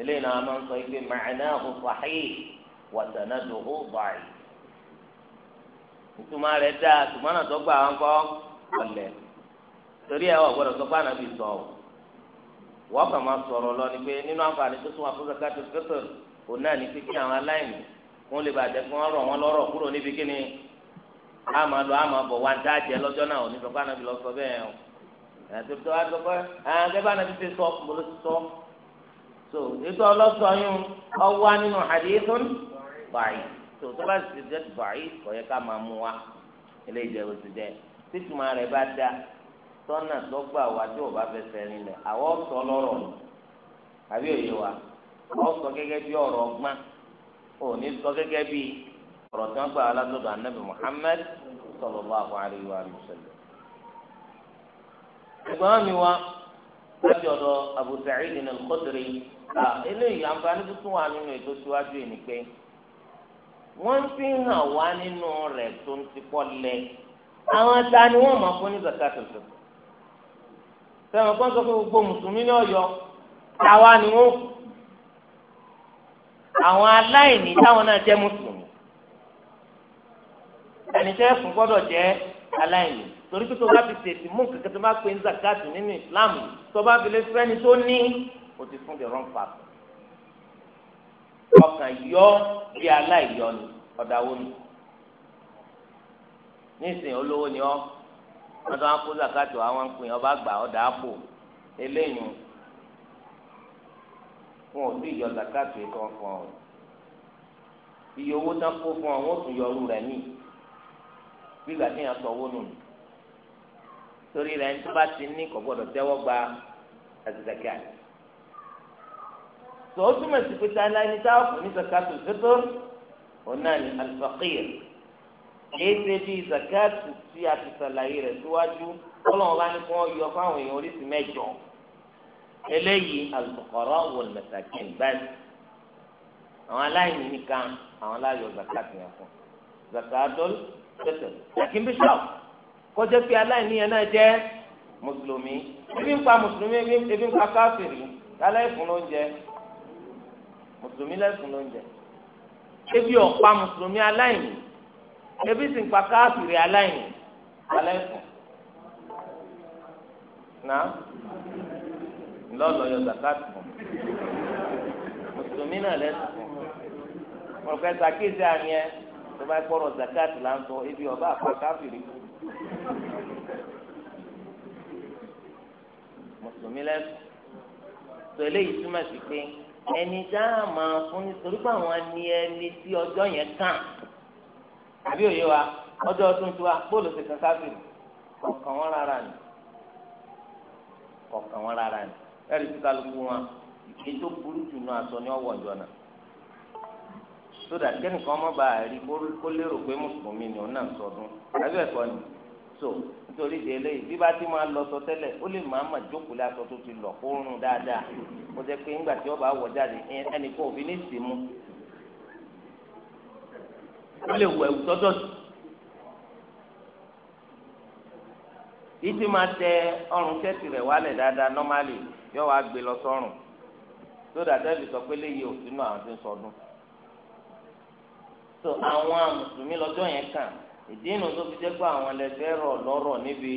[SPEAKER 1] eléyìí náà máa ń sọ ibi ma'nahu sahih wa sanaduhu da'if ìtumọ̀ rẹ̀ dáa ṣùgbọ́n náà tó gbà wá ńkọ́ ọ̀lẹ̀ torí ẹ̀ wọ́n gbọ́dọ̀ sọ pé ànábì sọ ọ́ wọ́n kàn máa sọ̀rọ̀ lọ ni pé nínú àǹfààní tó tún wà fún zakatul wọn lè bàjẹ́ kí wọ́n rọ̀ wọ́n lọ́rọ̀ kúrò níbi kíni a máa lọ a máa bọ̀ wá ń dá jẹ lọ́jọ́ náà òní sọ fáwọn abilọ sọ bẹ́ẹ̀ o ẹ̀sìn tó wá sọ pé ẹ̀ẹ́dẹ́ bá nàbí ti sọ mo ló ti sọ so ètò ọlọ́sọyún ọwọ́ nínú hadithun bàyì tó tó bá ti jẹ́ bàyì kò yẹ ká máa mú wa ilé ìjẹun ti jẹ títúmọ̀ rẹ̀ bá dá tọ́nà tó gbà wá tí ò bá fẹsẹ̀ rinlẹ̀ àwọn sọ lọ́rọ̀ àbí òye wa ọ̀ gẹ́gẹ́ bí ọ̀rọ̀ ọgbọ́n òní sọ gẹ́gẹ́ bí ọ̀rọ̀ tí wọ́n gbà alátọ́dọ̀ anabi muhammed sallallahu alaihi wa sallam. ìgbọ́n mi wá láti ọ̀dọ̀ abu sa'id al-khudri eléyìí àǹfààní tuntun wà nínú ètò síwájú yìí ni pé wọ́n fi hàn wá nínú rẹ̀ tó ń ti pọ̀ lẹ àwọn ta ni wọ́n máa fún ní zakat tuntun sẹ́wọ̀n kan sọ pé gbogbo mùsùlùmí ní ọ̀yọ́ táwa ni wọ́n kù àwọn aláìní táwọn náà jẹ́ mùsùlùmí ẹni tẹ́ fún gbọ́dọ̀ jẹ́ aláìní torí pé tó bá fi tètè mú kẹ̀kẹ́ tó bá pe ń zakat nínú Islam tó bá fi lè ni, tó ní o ti fún the wrong person ọkàn yọ bí aláìyọ ni ọ̀dàwó ni nísìnyí olówó ni ọ wọn tó wá kó zakat wá wọn pè ọba gbà ọ̀dà àpò eléyìí wọn ò sí ìyọ zakatu ètò ọ̀fọ̀ ọ̀hún iye owó tán kó fún ọ wọn tún yọ ọrú rẹ ní gbígbà tí yẹn sọ owó nù torí rẹ ní tó bá ti ní kò gbọdọ̀ tẹ́wọ́ gba àtìsàkíà tó o túmọ̀ sí pé táyà ní táwọn kò ní zakatu fẹ́tọ́ òun náà ní alifakir èyí ṣe bí zakatu tí a ti sàlàyé rẹ̀ síwájú kọ́lọ́n wa ni kò yọ fáwọn èèyàn oríṣi mẹ́jọ eléyìí al-fuqara wal-masakin bẹ́ẹ̀ àwọn aláìní nìkan àwọn aláyọ zakat yẹn fún zakatul fitr lakin bí sọ kọjá pé aláìní yẹn náà jẹ́ mùsùlùmí ebi ń pa mùsùlùmí ebi ń pa káfíìrì lálẹ́ ìfún lóúnjẹ mùsùlùmí lẹ́sùn lóúnjẹ ebi ọ̀pá mùsùlùmí aláìní ebi sì ń pa káfíìrì aláìní lálẹ́ ìfún lọ́ọ̀lọ́ yọ zakat mọ̀ mùsùlùmí náà lẹ́sìn pọfẹsà kéde àmì ẹ tó bá kpọrọ zakat là ń sọ ebi ọba àpá káfíìrì mùsùlùmí lẹ́sìn tó eléyìí túmọ̀ sí pé ẹni tá a máa fún nítorí pé àwọn ni ẹni tí ọjọ́ yẹn kàn àbí òye wa ọjọ́ ọdún tiwa bóòlù ti kàn káfíìrì kọ̀ọ̀kan wọn rárá ni kọ̀ọ̀kan wọn rárá ni ẹ̀rí tí kálukú wọn ètò burú jù náà aṣọ ni ọwọ́ ìjọ náà sódà kẹ́nìkan ọmọ bá a rí kó lérò pé mùsùlùmí ni òun náà ń sọdún ẹgbẹ́ ẹ̀kọ́ ni so nítorí ìdè eléyìí bí bá ti máa lọ sọ tẹ́lẹ̀ ó lè máa mà jókòó lé aṣọ tó ti lọ kó rún dáadáa kó jẹ́ pé nígbà tí ọba wọ̀ jáde ẹnì kan òfin ní ìsìnmú ó lè wọ ẹ̀wù tọ́jọ́ sí. ìtì máa tẹ ọrùn tẹ́tì rẹ̀ wálẹ̀ dáadáa nọ́málì yọ wá gbé lọ sọ́rùn sódà tẹ́lẹ̀ sọ pé léyìí ò sínú àwọn ń sọdún so àwọn mùsùlùmí lọ́jọ́ yẹn kàn ìdí inú tó fi jẹ́ pé àwọn ẹlẹgbẹ́ rọ̀ níbi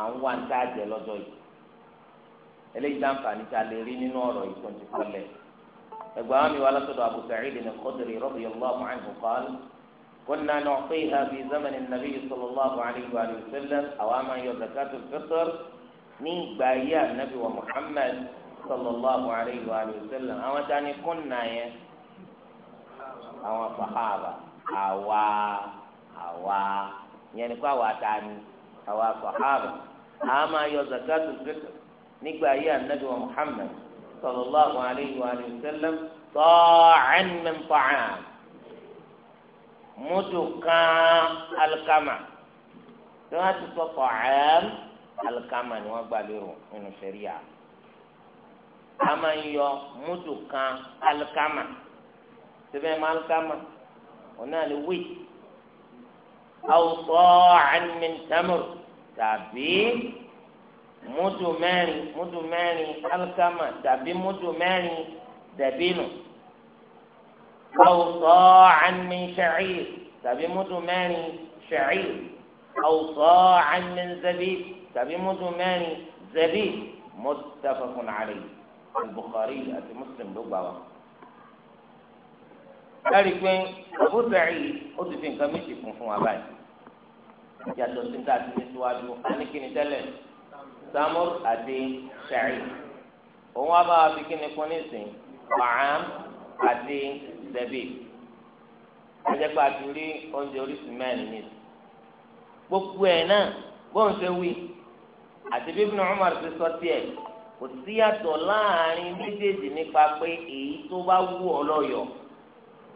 [SPEAKER 1] àwọn wa ń dájẹ́ lọ́jọ́ yìí eléyìí láǹfààní tá a lè rí nínú ọ̀rọ̀ yìí tó ń ti àwọn mi wà Abu Sa'id al-Khudri radiyallahu anhu qala kunna fi zamani ní ìgbà ayé anabi wa muhammad sallallahu alayhi wa sallam àwọn dání kúnnà yẹn àwọn sahaba àwa àwa yẹn ni kó àwa dání àwa sahaba àá máa yọ zakatul fitr nígbà ayé anabi wa muhammad sallallahu alayhi wa sallam tọ́ọ̀cán min ta'am mudu kan alikama tí wọ́n ti sọ tọ́ọ̀cán alikama ni wọ́n gbà lérò nínú sẹríà a máa ń yọ múdù kan alikama síbẹ̀ máa alikama ọ̀nà lè wí awùsọ̀ ànìmẹ̀ntẹ́mùrù tàbí múdù mẹ́rin múdù mẹ́rin alikama tàbí múdù mẹ́rin dàbínù awùsọ̀ ànìmẹ̀ntẹ́mùrù tàbí múdù mẹ́rin ṣẹ̀rí awùsọ̀ ànìmẹ̀ntẹ́mùrù tàbí múdù mẹ́rin zẹbí muttafaqun alayhi al-Bukhari àti Muslim ló gbà wá. láti pé Abu Sa'id ó ti fi nǹkan méjì kún fún wa báyìí yàtọ̀ sí ta ti ní síwájú anikini tẹ́lẹ̀ samur àti Sa'id òun wá bá wa fi kíni kún nísìn wàhán àti zẹbí ẹjẹ pé a ti rí oúnjẹ oríṣi mẹ́rin ní gbogbo ẹ̀ náà bóun ṣe wí àti bí Ibn Umar ti sọ tiẹ̀ kò síyàtọ̀ láàrin méjèèjì nípa pé èyí tó bá wù ọ́ lọ́yọ̀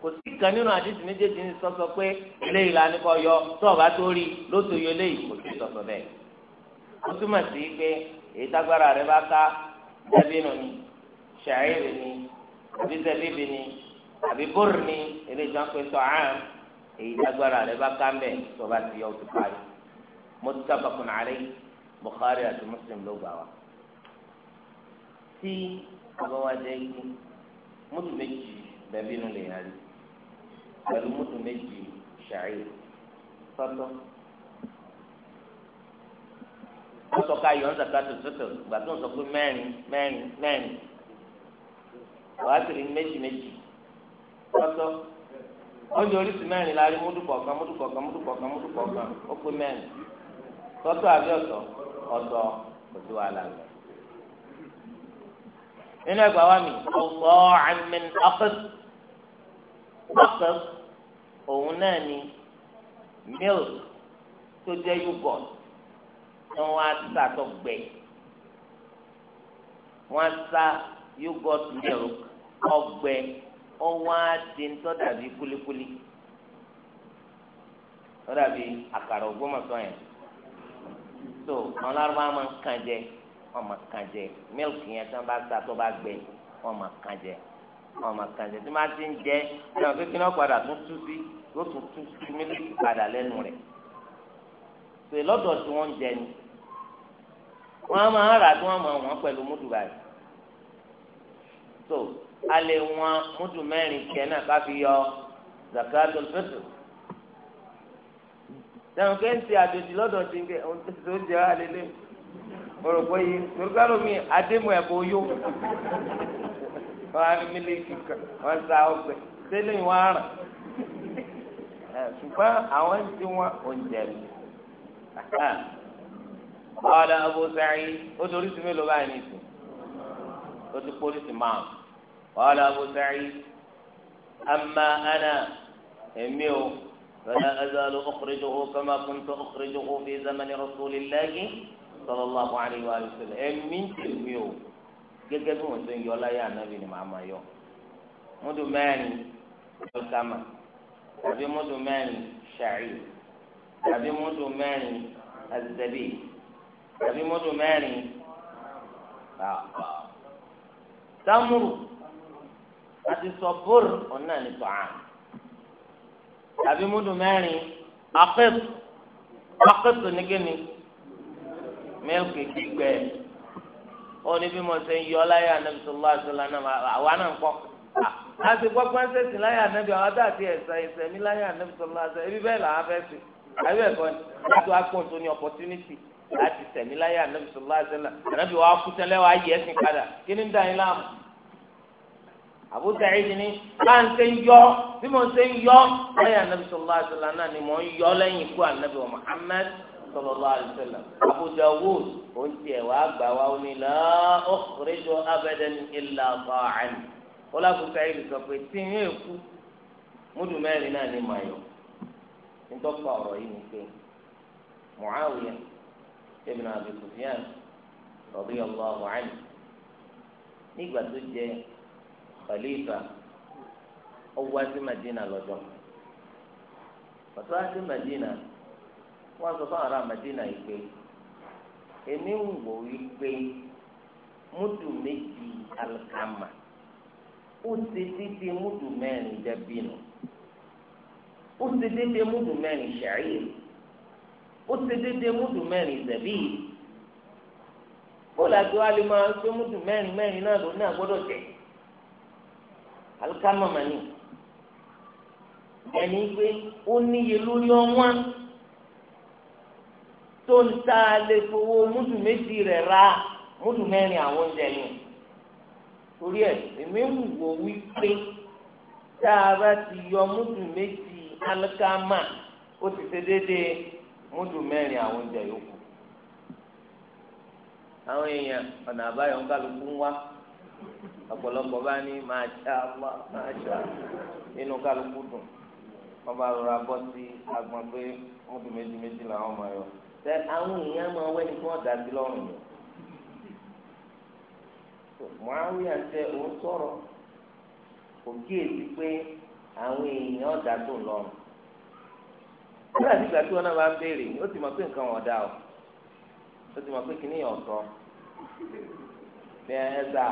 [SPEAKER 1] kò sí kan nínú àdìsí méjèèjì ní sọ́sọ pé eléyìí la ní kọ́ yọ tó ọ̀bá tó rí lótò yọ eléyìí kò sí sọ́sọ bẹ́ẹ̀. ó túmọ̀ sí pé èyí tágbára rẹ bá ká dàbínù ni ṣàìrì ni àbí zẹbíbi ni àbí bóòrù ni eléyìí tó sọ àrùn èyí tágbára rẹ bá ká ń tó bá ti yọ òtún parí. muttafaqun alayhi Bukhari àti Muslim ló gbà wá tí ọba wa jẹ́ ikú mútu méjì bẹ̀bí nù lè yàn rí pẹ̀lú mútu méjì ṣàì sọ́tọ̀ wọ́n sọ ká yọ̀ ọ́ zakato sọ́tọ̀ ìgbà tó ń sọ pé mẹ́rin mẹ́rin mẹ́rin wàá sì rí méjì méjì sọ́tọ̀ oúnjẹ oríṣi mẹ́rin la rí múdù kọ̀ọ̀kan múdù kọ̀ọ̀kan ó pé mẹ́rin sọ́tọ̀ àbí ọ̀tọ̀ ọtọ kò sí wàhálà lọ. nínú ẹgbà wa mi ọ̀pọ̀ àmìn ọ̀pẹ̀s ọ̀pẹ̀s òun náà ni milk tó jẹ́ yúgọ̀t ni wọ́n á sá tó gbẹ wọ́n á sá yúgọ̀t milk ọgbẹ ọwọ́n á di dàbí kulikuli tọ́ dàbí àkàrà Ògbómọ̀ṣọ́ yẹn so àwọn lárúbáwá máa ń kàn jẹ wọn máa kàn jẹ mílìkì yẹn tí wọn bá ta tó bá gbẹ wọn máa kàn jẹ wọn máa kàn jẹ tí wọn bá ti ń jẹ ẹnì wọn kékeré náà padà tún tú sí yóò tún tú sí mílìkì padà lẹ́nu rẹ̀ so lọ́dọ̀ tí wọ́n ń jẹ ni wọ́n máa rà tí wọ́n máa wọ́n pẹ̀lú múdù báyìí so a lè wọn múdù mẹ́rin tiẹ̀ náà ká fi yọ zakatul fitr sẹ́wọ̀n kẹ́ ń ṣe àjòjì lọ́dọ̀ ti ń kẹ́ ọ̀hún tó ń jẹ́ àlélẹ́ òròpọ̀ yìí torúkọ lómi àdémù ẹ̀bọ yó wọ́n á ní mílíkì kan wọ́n sa ọgbẹ́ tẹ́lẹ̀ wọn á ràn ṣùgbọ́n àwọn ń ti wọn oúnjẹ mi. ọ̀dà Abu Sa'id ó torí sí mélòó báyìí ní ìsìn ó ti pólísì máa ọ̀dà Abu Sa'id amma ana èmi o. فلا أزال أخرجه كما كنت أخرجه في زمن رسول الله صلى الله عليه وآله وسلم أمين تلميو gẹ́gẹ́ bí wọ́n ṣe ń yọ láyé ànábì ni màá máa yọ múdù mẹ́rin alkama tàbí múdù mẹ́rin ṣàì tàbí múdù mẹ́rin azẹbí tàbí múdù mẹ́rin bàbà tamuru àti sọbúrú ọ̀nà ni tọ́hán tàbí múdù mẹ́rin akẹ́tù akẹ́tù ní kíni mílíkì gbígbẹ ó ní bí mo ṣe ń yọ láyé anabi sọlá ṣọlá náà àwa náà ń kọ́ a ti gbọ́ pé ń sẹ́sìn láyé anabi àwọn dá àti ẹ̀sẹ̀ ẹ̀sẹ̀ mi láyé anabi sọlá ṣọlá ebi bẹ́ẹ̀ làwọn fẹ́ sìn àbí ẹ̀kọ́ ni láti wá pọ̀ tó ní opportunity láti sẹ̀mí láyé anabi sọlá ṣọlá anabi wa kú tẹ́lẹ̀ wa yẹ ẹ̀sìn padà kí ni láàmú. Abu Sa'id ni bá ń ṣe ń yọ bí mo ṣe ń yọ lẹ́yìn anabi sallallahu alaihi wasallam náà ni mò ń yọ lẹ́yìn ikú anabi wa Muhammad sallallahu alaihi wasallam Abu Dawud ó ń tiẹ̀ wá gbà wá ó ní la ukhriju abadan illa ta'an wọ́n Abu Sa'id sọ pé tí ń yẹ múdù mẹ́rin náà ni màá yọ nítorí ọ̀rọ̀ yìí ni pé Muawiya ibn Abi Sufyan radiyallahu anhu nígbà tó jẹ́ khalifa ó wá madina lọ́jọ́ pàtó madina wọ́n sọ fún ara madina yìí pé èmi ń wò yí pé méjì alikama ó ti dídí múdù mẹ́rin dẹ́bìnú ó ti dídí múdù mẹ́rin ṣàyẹ̀ ó ti dídí múdù mẹ́rin zẹ̀bíì bóòlù àti alikama mani ẹni pé ó níye lórí ọwọ́n tó ń ta lè fowó múdù méjì rẹ̀ ra múdù mẹ́rin àwọn oúnjẹ yẹn torí ẹ̀ èmi ń wò wípé tá a bá ti yọ múdù méjì alikama ó ti ṣe déédéé múdù mẹ́rin àwọn oúnjẹ yòókù àwọn èèyàn ọ̀nà àbáyọ ń kálukú ń wá. ọ̀pọ̀lọpọ̀ bá ní máa ṣá máa ṣá nínú kálukú dùn wọ́n bá rọra bọ́ sí agbọ̀n pé wọ́n fi méjì méjì làwọn máa yọ. tẹ àwọn èèyàn máa ní kí wọ́n dàbí lọ́rùn yẹn. Muawiya tẹ òun kò kíyèsí pé àwọn èèyàn o ó ti pé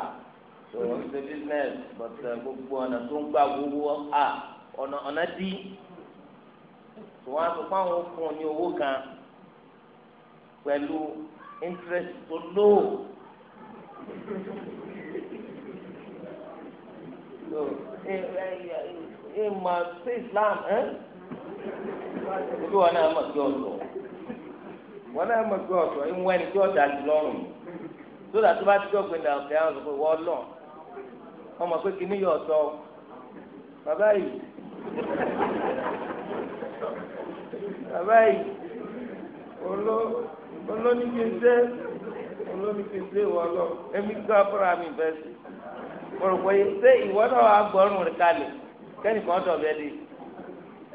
[SPEAKER 1] so ń ṣe business but uh, gbogbo ọ̀nà tó ń gbà wúwo à ọ̀nà ọ̀nà dí so wọ́n á sọ fún àwọn fún un ní owó kan pẹ̀lú interest tó lóò so ẹ ẹ ẹ mà ṣe Islam ẹ ojú wọn náà mọ̀ sí ọ̀sọ̀ wọn náà mọ̀ sí ọ̀sọ̀ ìwọ̀n ẹni tí ọ̀dà ti lọ́rùn tó dà tó bá ti dọ̀gbìn náà kẹ́ ẹ̀ ọ̀sọ̀ pé wọ́n lọ́ọ̀ wọ́n mọ̀ pé kíní yọ̀ sọ bàbá yìí bàbá yìí olo olóníkèsè olóníkèsè wọ lọ èmi gbọ́ abúlé mi bẹ́ẹ̀ sí pọ̀lọpọ̀ yìí ṣé ìwọ náà wà gbọ́rùn rẹ̀ kalẹ̀ kẹ́nìkan dọ̀bẹ́ lé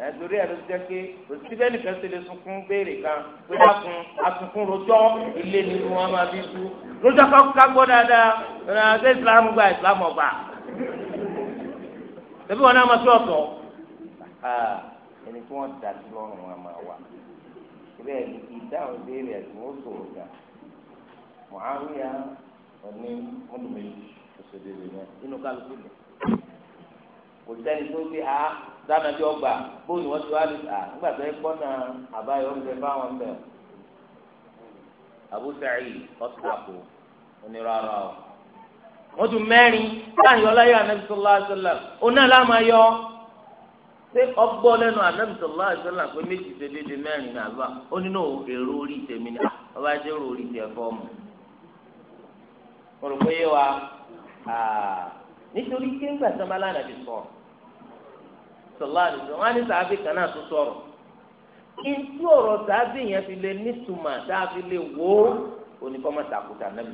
[SPEAKER 1] ẹ̀dùrí ẹ̀rọ jẹ́ pé òsibẹ́ nìkan ṣe lè sunkún béèrè kan pé dákun asunkún rojọ́ ilé nínú wọn máa bí tú rojọ́ ká gbọ́ dáadáa ṣé ìsìlámù gba ìsìlámù ọgbà. tẹ̀bí wọn náà máa fi ọ̀sọ̀ ah, ẹni tí wọ́n dà sí lọ́rùn wọn máa wà ìbẹ́ ìdáhùn béèrè ẹ̀sìn ó sọ̀rọ̀ gà Muawiya ọ̀ní ọdún méjì òṣèlérí náà nínú kálukú lọ kò sẹ́ni tó a ah, dáná bí ọgbà bóun ni ti wá lè ta ah, nígbà tó ẹ gbọ́nà àbáyọ ń bẹ Abu Sa'id àpò onírọ̀ wọ́n tún mẹ́rin láàyò ọláyé anabi sọlá àṣọlá oná láàmú ayọ́ ṣé ọgbọ́ lẹ́nu anabi sọlá àṣọlá pé méjì ṣe déédé mẹ́rin ní àlọ́ ó nínú èrò orí tèmi ni ah, ọba ṣe èrò orí tẹ̀ fọ́ọ̀mù. mo rò pé yé wa ah, nítorí pé ńgbà tí wọn bá lánàá ti sọ̀rọ̀ sọlá àdìsọ wọn á ní sàábì kan náà tó sọ̀rọ̀ ìtú ọ̀rọ̀ sàábì yẹn fi lè nítumọ̀ tá a fi lè wò ó oníkọ́mọ́sàkúta anabi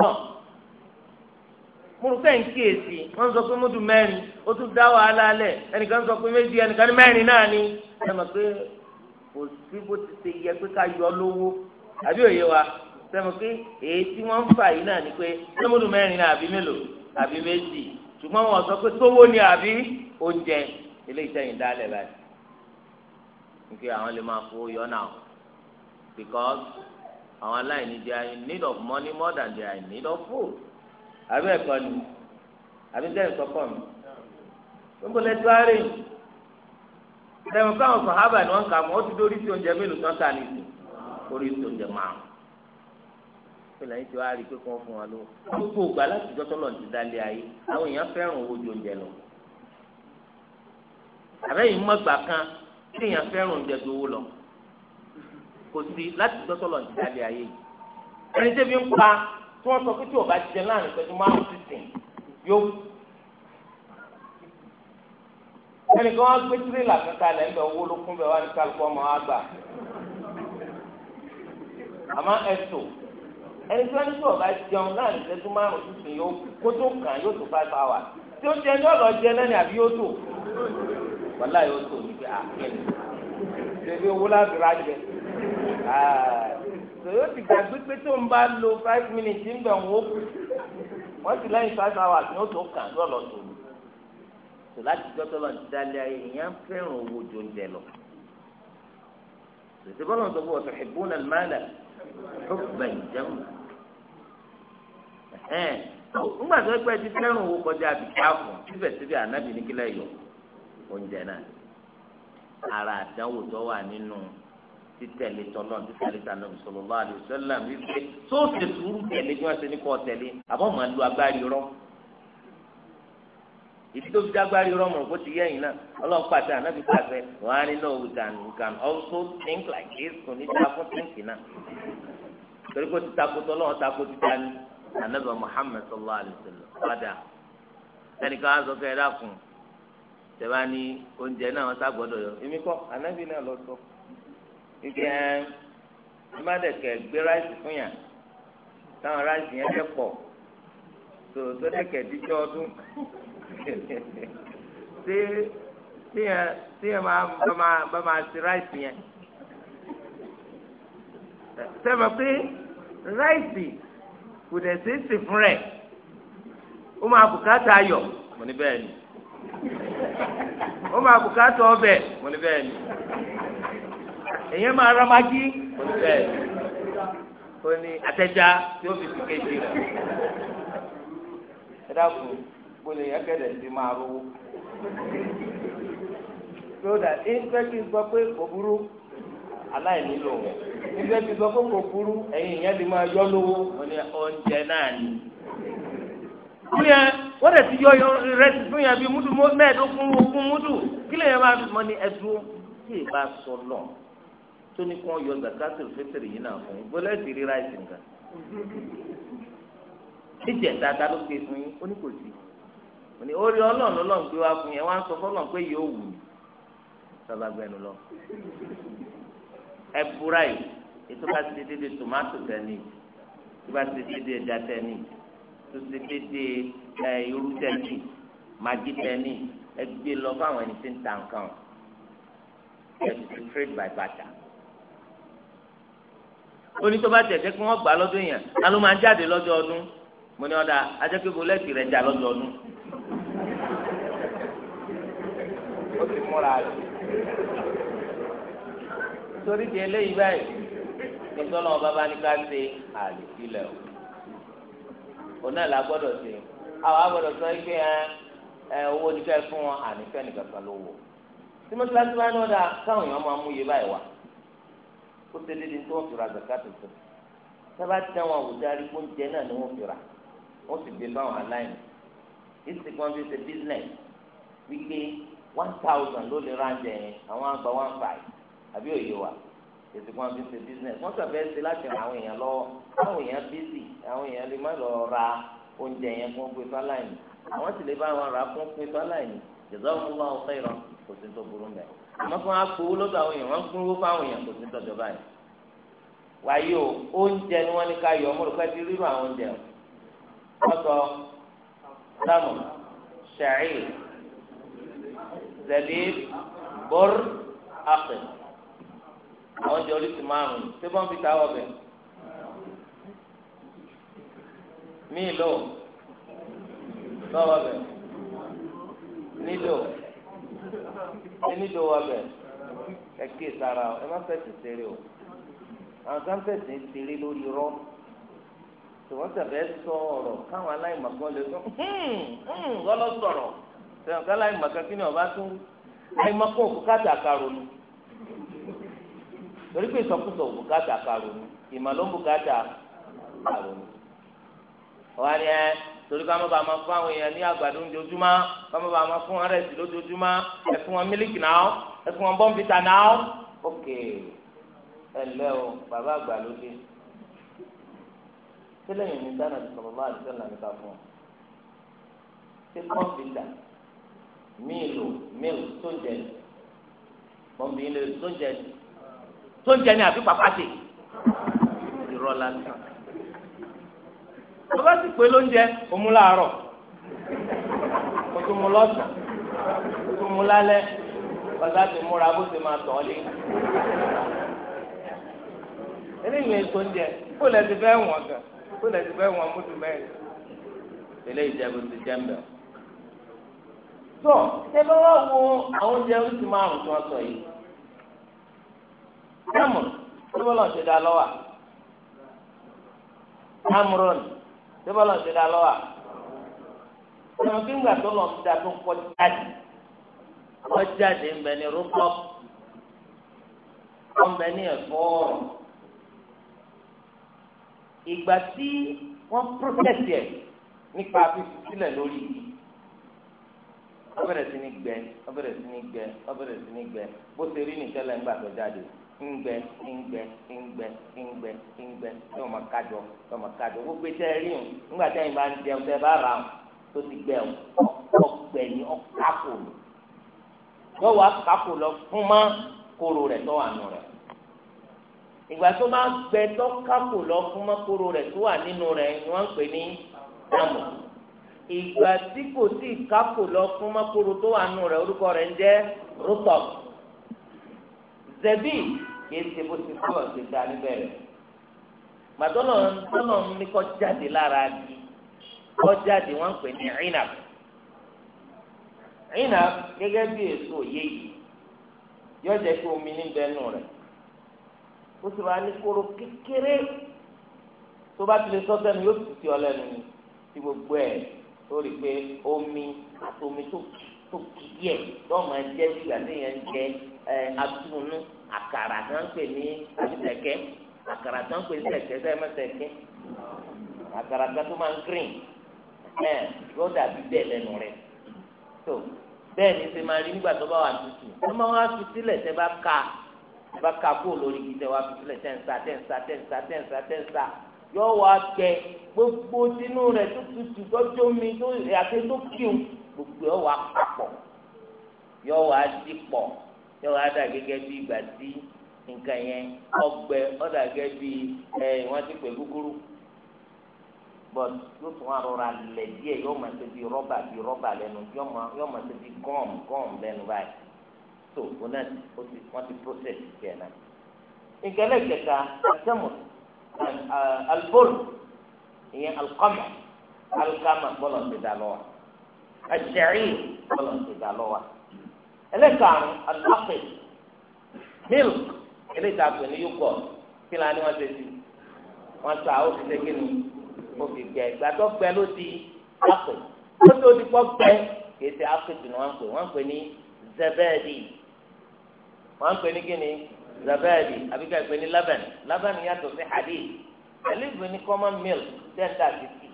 [SPEAKER 1] tán múrùkẹ́ ń kíyèsí wọ́n sọ pé múdù mẹ́rin ó tún dá wàhálà lẹ̀ ẹnìkan sọ pé méjì ẹnìkan ní mẹ́rin náà ni ẹ mọ̀ pé kò sí bó ti ṣe yẹ pé ká yọ lówó àbí òye wa sẹ́mu pé èyí tí wọ́n ń fà yìí náà ni pé ṣé múdù mẹ́rin náà àbí mélòó àbí méjì ṣùgbọ́n wọ́n sọ pé sówó ni àbí oúnjẹ eléyìí tẹ̀yìn dálẹ̀ báyìí nígbà àwọn lè máa fowó yọ náà because àwọn aláìní they are in need of money more than they are in need of food àbí ẹ̀kọ́ ni àbí sẹ́yìn sọ́kọ̀ mi gbogbo lẹ́tọ́ àárẹ̀ sẹ́yìn káwọn sọ̀hábà ni wọ́n kà mọ́ ó ti dórí sí oúnjẹ mélòó tán tà nìyí orí sí oúnjẹ márùn pẹ̀lú ẹ̀yìn tí wàá rí i pé kí wọ́n fún wa lówó gbogbo ògbà láti dọ́tọ́ lọ́n ti dálé ayé àwọn èèyàn fẹ́ràn owó ju oúnjẹ lọ àbẹ́yìn mọ́gbà kan tí èèyàn fẹ́ràn oúnjẹ ju owó lọ kò sí láti gbọ́ sọ̀lọ̀ ní ìdálẹ́ ayé yìí ẹni tẹ́bi ń pa tí wọ́n sọ pé tí o bá jẹ láàrin pẹ̀lú márùn sísìn yóò ẹnìkan wọn gbé tirẹ̀là kankan lẹ́yìn bẹ́ẹ̀ owó ló kún bẹ́ẹ̀ wá ní kálukú ọmọ wa gbà àmọ́ ẹ̀sùn ẹni tí wọ́n ní tí o bá jẹun láàrin pẹ̀lú márùn sísìn yóò kó tó kàn yóò tó five hours tí ó jẹ ní ọ̀lọ́ jẹ lẹ́nu àbí yóò tó wàláyé yóò tó níbi àkẹ́ni ṣe bí owó láti rájẹ yóò ah, ti gbàgbé pé tó ń bá lo five minutes ń bẹ̀ wọ́n kù wọ́n ti lẹ́yìn five hours ní ó tó kàn lọ́lọ́ tó ní. tó láti gbọ́dọ̀ lọ ti dálé ayé ìyẹn fẹ́ràn owó jò ń jẹ lọ. tètè bọ́lá ń sọ fún ọ̀sẹ̀ ìbú náà mẹ́lẹ̀ tó bẹ̀ ń jẹun. nígbà tó pẹ́ ti fẹ́ràn owó kọjá àbíká fún síbẹ̀síbẹ̀ ànábì ní kílẹ̀ yọ oúnjẹ náà. ara àdánwò tó wà nínú. No títẹ̀lé tọ́lọ́ títẹ̀lé tànà sallallahu alaihi wasallam wípé tó ṣe sùúrù tẹ̀lé bí wọ́n ṣe ní kọ́ tẹ̀lé àbọ̀ máa lu agbárí rọ́ ibi tó fi dá agbárí rọ́ mọ̀ kó ti yẹ yìí náà ọlọ́run pàṣẹ ànábi pàṣẹ wọ́n á ní náà we can we can also think like this kò ní dáa fún tíǹkì náà torí kó ti takò tọ́lọ́run takò ti dání ànábi Muhammad sallallahu alaihi wasallam padà sẹ́nìkan á sọ kẹ́ ẹ dákun tẹ́ bá ní oúnjẹ náà wọ́n sá gbọ́dọ̀ yọ èmi kọ́ ànábi náà lọ sọ ike ẹ ẹ má dẹkẹ gbé ráìsì fún yàn táwọn ráìsì yẹn fẹ́ pọ̀ tó tó dẹkẹ díjọ ọdún tí tí yẹn tí yẹn máa bá máa bá máa ṣe ráìsì yẹn sẹ́mi pé ráìsì kò dẹ̀ sí sí fún rẹ̀ ó máa bùkátà ayọ̀ mo ní bẹ́ẹ̀ ni ó máa bùkátà ọbẹ̀ mo ní bẹ́ẹ̀ ni èyàn máa ra magi oníbẹ̀ ó ní atẹ́já tí ó fi ti kejì rẹ̀ ẹ dákun kó lè yẹ kẹ́lẹ̀ ti máa rówó lódà ìfẹ́ kí n sọ pé kò burú aláìní lò wọ́n ìfẹ́ kí n sọ pé kò burú ẹ̀yìn ìyẹn ti máa yọ lówó wọ́n ní oúnjẹ náà ni fún yẹn wọ́n dẹ̀ ti yọ ìrẹsì fún yẹn bíi mẹ́ẹ̀ẹ́dógún ogún múdù kí lè yẹn máa fi ní ẹ̀dùn tí ì bá sọ lọ́ọ̀ tó ní kí wọ́n yọ zakatul fitiri yìí náà fún yín bọ́lá ẹ̀sìn ríra ẹ̀sìn nǹkan. níjẹ̀ dáadáa ló pe fún yín ó ní kò sí ó ní orí ọlọ́run ọlọ́run gbé wá fún yín ẹ wá ń sọ fọlọ́run pé yóò wù mí sábà gbẹnu lọ. ẹ búra yìí ètò bá ti dédé tòmátò tẹ́ni tó bá ti dédé ẹja tẹ́ni tó ti dédé ẹ irú tẹ́ni magi tẹ́ni ẹ gbé lọ fáwọn ẹni tí ń ta nǹkan ẹ ti trade by barter ó ní tó bá tẹ̀ jẹ́ pé wọ́n gbà lọ́dún yẹn ta ló máa jáde lọ́jọ́ ọdún mo ní ọ̀dà ajẹ́pẹ́ bọ́lẹ́tì rẹ̀ jà lọ́jọ́ ọdún. ó ti múra rẹ̀ torí di eléyìí báyìí nítorí wọn bábá ní ká ṣe àlùfílẹ̀ o òun náà la gbọ́dọ̀ ṣe àwọn agbọ́dọ̀ sọ pé ẹ owó ní ká fún wọn ànífẹ́ nìkan kan ló wò tí mo ti láti bá ní ọ̀dà káwọn èèyàn máa mú iye báyìí wá ó ṣe déédéé tí wọ́n fi ra zakatu fún sábà tí àwọn àwùjọ arígbó ń jẹ náà ni wọ́n fi ra wọ́n sì gbé fáwọn aláìní ìsì kan fi ṣe business wípé one thousand ló lè ránjẹ yẹn àwọn àgbà one five àbí òye wa èsì kan fi ṣe business wọ́n sọ̀fẹ́ ṣe láti ràn àwọn èèyàn lọ́wọ́ àwọn èèyàn bísì àwọn èèyàn lè má lọ ra oúnjẹ yẹn fún pé fáláìní àwọn sì lè bá wọn rà fún pé fáláìní jazaakumullahu khairan kò sí tó burú mẹ́rin àmọ́ fún wa gbowó lọ́dọ̀ àwọn èèyàn wọ́n ń gbówó fáwọn èèyàn kò sí tọ́jọ́ báyìí wàyí o oúnjẹ ni wọ́n ní ká yọ ọmọ rẹ̀ ti rírun àwọn oúnjẹ o wọ́n sọ sámù ṣàì zẹ̀bíb bọ́r àpè àwọn oúnjẹ oríṣi márùn-ún tí wọ́n fi táwọ̀ bẹ̀ mílò tọ́wọ̀ bẹ̀ nílò ẹni ló wà bẹ ẹ ké sara ẹ má fẹsẹ̀ ṣeré o àwọn kan fẹsẹ̀ ṣeré lórí rọ tòwọ́n sàbẹ̀ sọ ọ̀rọ̀ káwọn aláìmọ̀kan lè sọ hmm, hmm, wọ́lọ́ sọ̀rọ̀ sẹ́wọ̀n káwọn aláìmọ̀kan kí ni ọba tún aláìmọ̀kan òkúkàtà karonu torí pé ìsọkúsọ òkúkàtà karonu ìmọ̀ ló ń bùkátà karonu wọ́n torí ká má bàa máa fún àwọn èèyàn ní àgbàdo ojoojúmọ́ ká má bàa máa fún wọn rẹsì lójoojúmọ́ ẹ fún wọn mílíkì náà ẹ wọn bọ́ǹbìtà náà ok ẹ lẹ o bàbá àgbà ló dé tẹ́lẹ̀ yìí ní dáná ti sọ̀rọ̀ bá àdúgbò náà níta fún ọ ṣé bọ́ǹbìtà mílò mílò tó ń jẹ bọ́ǹbìtà tó jẹ tó jẹ ní àbí pàpàtì ìrọ̀lá nìkan tó bá sì pé lóúnjẹ òmu làárọ̀ òtún mu lọ́sàn òtún mu lálẹ́ bàtà ti múra bó ti máa tọ̀ ọ́ lé eléyìí ètò oúnjẹ kó lè ti fẹ́ wọ̀n gan kó lè ti fẹ́ wọ̀n mútu mẹ́rin eléyìí jẹ́ bó ti jẹ́ mbẹ́. tó ṣé bá wà wo àwọn oúnjẹ oṣù márùn tí wọ́n sọ yìí dámùrù tó bọ́lá ṣe dá lọ́wọ́ dámùrù ni ṣé bọ́lá ṣe dá lọ́wọ́ ọ̀nà tí ń gbà tó lọ́n da tó ń kọ́ jáde wọ́n jáde ń bẹ ní rúbọ́ wọ́n bẹ ní ẹ̀fọ́ ọ̀rọ̀ ìgbà tí wọ́n protest ẹ̀ nípa fífi sílẹ̀ lórí yìí wọ́n bẹ̀rẹ̀ sí ní gbẹ wọ́n bẹ̀rẹ̀ sí ní gbẹ wọ́n bẹ̀rẹ̀ sí ní gbẹ bó ṣe rí nìkẹ́lẹ̀ ńgbà tó jáde ńgbẹ ńgbẹ ńgbẹ ńgbẹ ńgbẹ tí wọn kájọ tí wọn kájọ gbogbo iṣẹ́ rí o nígbà tí ẹ̀yin bá ń jẹun tẹ bá rà o tó ti gbẹ o ọgbẹ ni ọkàkò ni yọwọ akàkò lọ fún má kóró rẹ tó wà nù rẹ ìgbà tó bá gbẹ tó kàkò lọ fún má kóró rẹ tó wà nínú rẹ ni wọn ń pè ní dàmù ìgbà tí kò sí ìkàkò lọ fún má kóró tó wà nù rẹ orúkọ rẹ ń jẹ rútọ zẹbíì kì í ṣe bó ti kúrò ṣe dá níbẹ̀ rẹ̀ màdọ́nà tọ́nà ní kọ́ jáde lára di kọ́ jáde wọ́n ń pè ní ìnàb ìnàb gẹ́gẹ́ bí èso òye yìí yóò jẹ́ kí omi níbẹ̀ nù rẹ̀ ó sì wá ní kóró kékeré tó bá ti lè sọ yóò sì ti ọlẹ́nu ni ti gbogbo ẹ̀ tó rí i pé omi àti omi tó kì díẹ̀ tó máa jẹ́ bí ìgbà téèyàn jẹ ẹ̀ atúnú àkàrà tó ń pè ní àbísẹ̀kẹ́ àkàrà tó ń pè ní sẹ̀kẹ́ sẹ́yìn mẹ́sẹ̀kẹ́ àkàrà kan tó máa ń green ẹ̀ yóò dàbí bẹ́ẹ̀ lẹ́nu rẹ̀ tó bẹ́ẹ̀ ni ṣe máa rí nígbà tó bá wà tutù tó máa wá fi sílẹ̀ tẹ́ bá ka tẹ́ bá ka kó lórí igi tẹ́ wá fi sílẹ̀ tẹ́ ń sa tẹ́ ń sa tẹ́ ń sa tẹ́ ń sa tẹ́ ń sa yóò wá kẹ gbogbo tinú rẹ̀ tó tutù tó tó mi tó àti tó kíun gbogbo yóò wá papọ̀ yóò wá dì pọ̀ yọ wá dà gẹ́gẹ́ bí ìgbà tí nǹkan yẹn ọgbẹ ọdà gẹ́gẹ́ bí ẹ wọ́n ti pè kúkúrú but yóò tún wá rọra lẹ̀ díẹ̀ yóò máa ṣe bí rọ́bà bí rọ́bà lẹ́nu yóò máa ṣe bí gọ́ọ̀m gọ́ọ̀m lẹ́nu báyìí tó o náà o ti wọ́n ti process ìkẹ́ náà. nǹkan lẹ́kẹ̀ẹ́ta àtẹ̀mù albóòlù ìyẹn alkọ́mà alkama bọ́lọ̀ ti dà lọ́wọ́ àṣẹ̀rí bọ́lọ̀ ti dà lọ́wọ́ ẹlẹ́kàrún àtàkùn milk ẹlẹ́kàrún ní yúgọ̀ kí la ni wọ́n ṣe sí wọ́n sọ àwọn òfìsẹ́ kí ni mo fi gbẹ ìgbà tó gbẹ ló di àpè ó tó di pọ́ gbẹ kì í ṣe àpè tì ní wọ́n ń pè wọ́n ń pè ní zẹbẹ́ẹ̀dì wọ́n pè ní kí ni zẹbẹ́ẹ̀dì àbí ká pè ní laban laban yàtọ̀ sí hadid ẹlẹ́gbẹ̀ẹ́ ní common milk dẹ́ta ti ti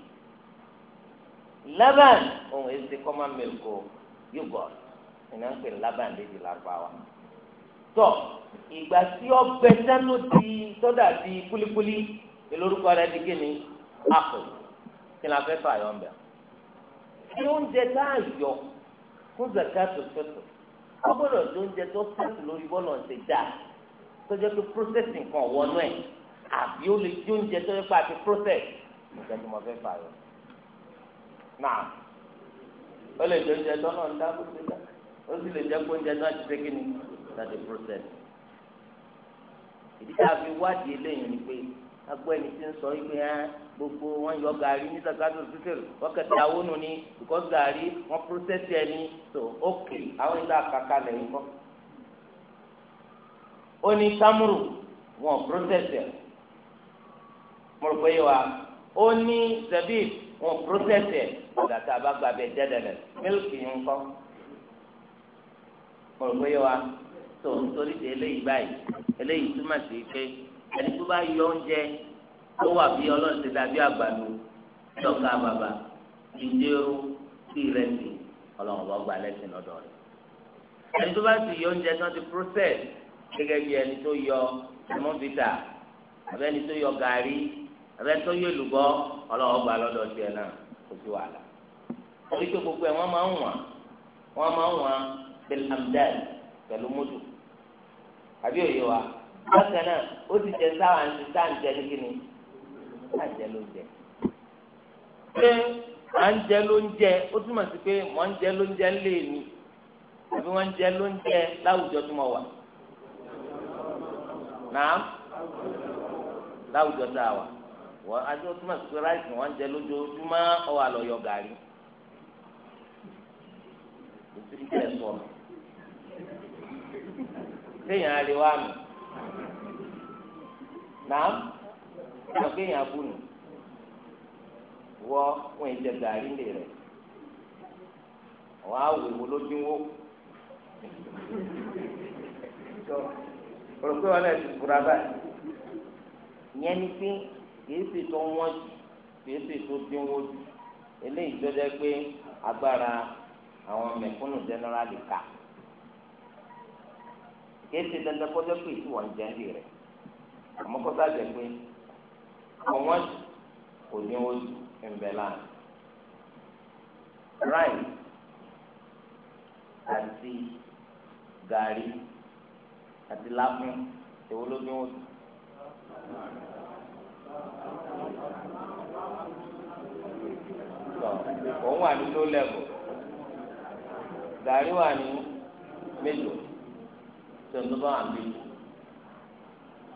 [SPEAKER 1] laban òun èsì common milk o yúgọ̀t ìná ń pè lábàndéjì lárúbáwá. tọ ìgbà tí ọgbẹ sánú di sọdà di kulikuli ìlórúkọ rẹ di kí ni àpò kí ni a fẹ́ fà yọ ọ́n bẹ̀. ṣé oúnjẹ tá a yọ fún zakato fẹ́tọ̀ wọ́n gbọ́dọ̀ tó oúnjẹ tó fẹ́tọ̀ lórí bọ́ọ̀lù ọ̀sẹ̀ dá tó jẹ́ pé processing kan wọnú ẹ̀ àbí ó lè jó oúnjẹ tó yẹ pé àti process nǹkan tí mo fẹ́ fà yọ. náà ó lè jó oúnjẹ tó náà ń dá bó ṣe dá ó sì lè jẹ́ pé oúnjẹ náà ti ṣégin ní láti process. ìdí tá a fi wádìí eléyìí ni pé agbọ́ ẹni tí ń sọ yìí pé ẹ́ gbogbo wọn yọ gàrí ní sàkádùn fífèrè wọn kẹtẹ àwọn ni ní because gàrí wọn process ẹni so ok àwọn ìlú àkàkà lẹ́yìn kọ́. ó ní tamuru wọn process ẹ mo rò pé yìí wa ó ní zabib wọn process ẹ ọ̀dà tá a bá gbà bẹ jẹ́ dẹ̀dẹ̀ mílíkì ń kọ́ kọ̀rọ̀ pé wa tó nítorí ti eléyìí báyìí eléyìí túmọ̀ sí pé ẹni tó bá yọ oúnjẹ tó wà bí ọlọ́run ti dàbí àgbàdo lọ́ka bàbà ìdérò sí ìrẹsì ọlọ́run bá gba lẹ́sìn lọ́dọ̀ rẹ̀ ẹni tó bá sì yọ oúnjẹ tó ti process gẹ́gẹ́ bí ẹni tó yọ ẹmọ́bìtà abẹ́ni tó yọ gàrí abẹ́ni tó yọ èlùbọ́ ọlọ́run gba lọ́dọ̀ tiẹ̀ náà kò sí wàhálà orí tó gbogbo wọ́n máa ń wà wọ́n máa ń wà bilhamdan pẹ̀lú mudu àbí òye wa bákan náà ó ti jẹ sáwà ní sáǹjẹ ní kíni sáǹjẹ ló ń jẹ pé à ń jẹ ló ń jẹ ó túmọ̀ sí pé mọ̀ ń jẹ ló ń jẹ ńlé mi àbí wọ́n ń jẹ ló ń jẹ láwùjọ tó mọ̀ wà náà láwùjọ tá wà wọ́n adé ó túmọ̀ sí pé ráìsì wọ́n ń jẹ lójoojúmọ́ ọ̀wà lọ́yọ̀ gàrí òtún ìjẹ́ sọ̀rọ̀. téèyàn alẹ́ wa mọ̀ nàám náà kéèyàn abúlù wọ wọn ìjẹ gàrí lè rẹ wọn awò ìwò lójúwò olùkọ́ wọn lè fura báyìí yẹn ni pé kìí sì tó wọ́n jù kìí sì tó dínwó jù eléyìí tó pé agbára àwọn kìí ṣe dandan kọjá pé tí wọn jẹ ẹbí rẹ àmọ́ kọjá jẹ pé ọwọn kò ní oṣù ẹnbẹlá ráì àti gàrí àti lápọn èwo ló ní oṣù. òun wà ní ló lẹ́bù gàrí wà ní mélòó tẹnu bá wà bí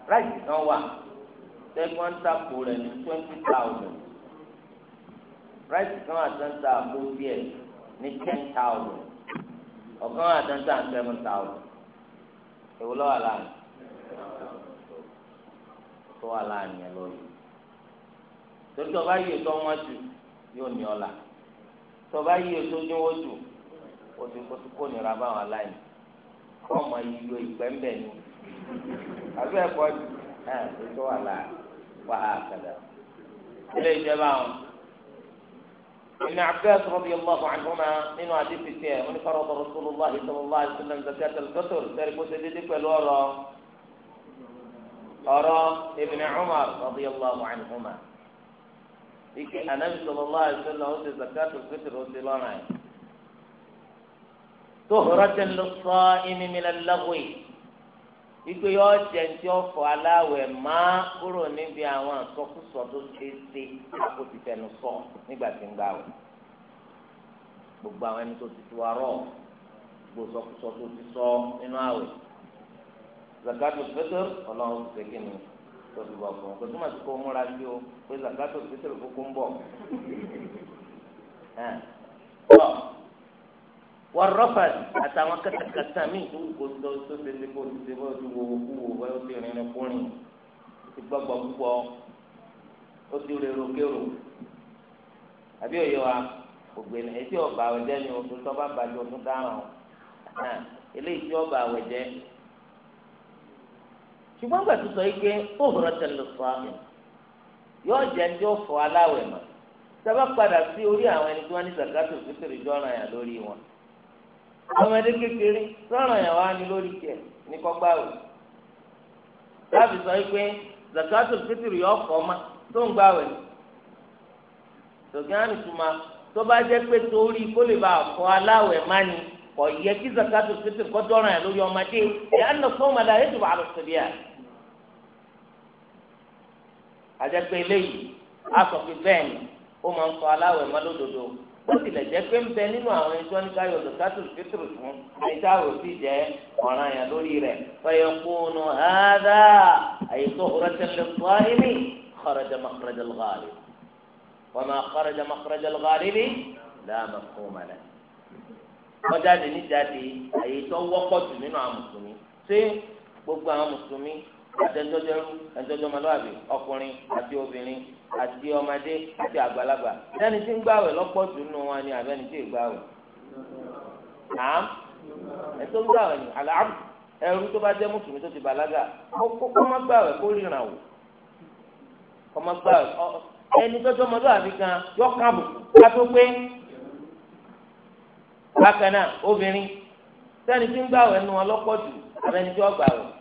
[SPEAKER 1] ráìsì kan wà tẹgbọn tàpó rẹ ní twenty thousand Price kan wà tẹnu tàpó díẹ̀ ní ten thousand ọ̀kan wà tẹnu seven thousand èwo lọ́wọ́ láàyè tó wà láàyè yẹn lórí torí tó bá yíyọ tó wọn jù yóò ní ọ̀la tó bá yíyọ tó dínwó jù ó ti kó nira báwọn aláìní. kọ́ ọmọ ìlú ìgbẹ́ńbẹ́ ni àbí ẹ̀kọ́ ẹ̀ ẹ̀ tó wà á kàdà. ilé ìjọba àwọn ابن عباس رضي الله عنهما من حديث فيه من فرض رسول الله صلى الله عليه وسلم زكاة الفطر ذلك سيدك الورى أرى ابن عمر رضي الله عنهما ike صلى الله عليه وسلم زكاة ó ti zakat òfin tóhùrọ́tẹ̀ ló sọ ẹni mi lọ́wọ́ yìí ìgbé yọ jẹ ti ọfọ aláwẹ̀ máa kúrò níbi àwọn àsọkúsọ tó ṣeéṣe kó ti fẹnu sọ nígbà tí ń gbà wọ gbogbo àwọn ẹni tó ti tu arọ gbogbo sọkúsọ tó ti sọ nínú àwẹ̀ zakato fẹtẹr Ọlọ́run ti tẹkẹ ni tó ti bọ fún un kò túmọ̀ sí kó múra sí o pé zakato fẹtẹr kúkú ń bọ̀ wọ́n rọ́fà àtàwọn kẹtàkẹtà míì tó kó tó tó ṣe ṣe kó tó ṣe bó ti wo kú wo bá ó ti rìn kúrin ó ti gbọ́gbọ́ púpọ̀ ó ti rèrò kérò àbí òye wa ògbéni etí ọba àwẹ̀jẹ́ ni oṣù tó bá bàjẹ́ oṣù dáràn eléyìí tí ọba àwẹ̀jẹ́ ṣùgbọ́n gbà tó sọ yìí pé ó hùrọ̀ tẹ̀lé sọ àmì yóò jẹ́ ní ó fọ aláwẹ̀ mọ́ sábà padà sí orí àwọn ẹni tí wọ́n ní zakato fitiri jọ́ràn yà lórí wọn ọmọdé kékeré sọ̀rọ̀ yẹn wá ní lórí tiẹ̀ ní kọ́gbà o láti sọ pé zakatul fitiri yọ ọkọ ma tó ń gbà wẹ̀ tòkíánì tuma tó bá jẹ́ pé torí kó lè bá àkọ aláwẹ̀ má ni kò yẹ kí zakatul fitiri kọ́ dọ́rọ̀ yẹn lórí ọmọdé ìyá ń lọ fún ọmọdé ayé tó bá lọ sí bíyà àjẹpẹ́ eléyìí a sọ pé bẹ́ẹ̀ ni ó máa ń kọ aláwẹ̀ má lódodo. bó lè jẹ́ pé ń bẹ nínú àwọn ẹjọ́ ní káyọ̀ lọ sátò pétrò fún ẹni tá a rò sí jẹ́ ọ̀ràn yẹn lórí rẹ̀ fẹ́yẹ̀ kúnnù hádà àyètò ọ̀rọ̀tẹ̀lẹ̀ fúláìmì kọ́rọ̀jà mọ́kàrọ̀jà lọ́gàrí wọ́n máa kọ́rọ̀jà mọ́kàrọ̀jà lọ́gàrí bí láàmà fún mọ́lẹ̀. kọjáde níjáde àyètò wọ́pọ̀ jù nínú àwọn mùsùlùmí ṣé gbogbo àwọn mùsùlùmí àtẹ̀jọ́jọ́rú àtẹ̀jọ́jọ́mọlúwàbí ọkùnrin àti obìnrin àti ọmọdé àti àgbàlagbà sẹ́ni tí ń gbàwẹ̀ lọ́pọ̀ jù nù wọn ni àbẹ́ni tí ì gbàwẹ̀ àám ẹ̀tọ́ ń gbàwẹ̀ ni àlàm ẹrú tó bá jẹ́ mùsùlùmí tó ti bàlágà kó má gbàwẹ̀ kó ríran wò kó má gbàwẹ̀ ẹni tó tó mọ́tò àbí kan yọ káàbù ká tó pé bákan náà obìnrin sẹ́ni tí ń gbàwẹ̀ nù wọn lọ́pọ̀ jù àbẹ́ni tí ó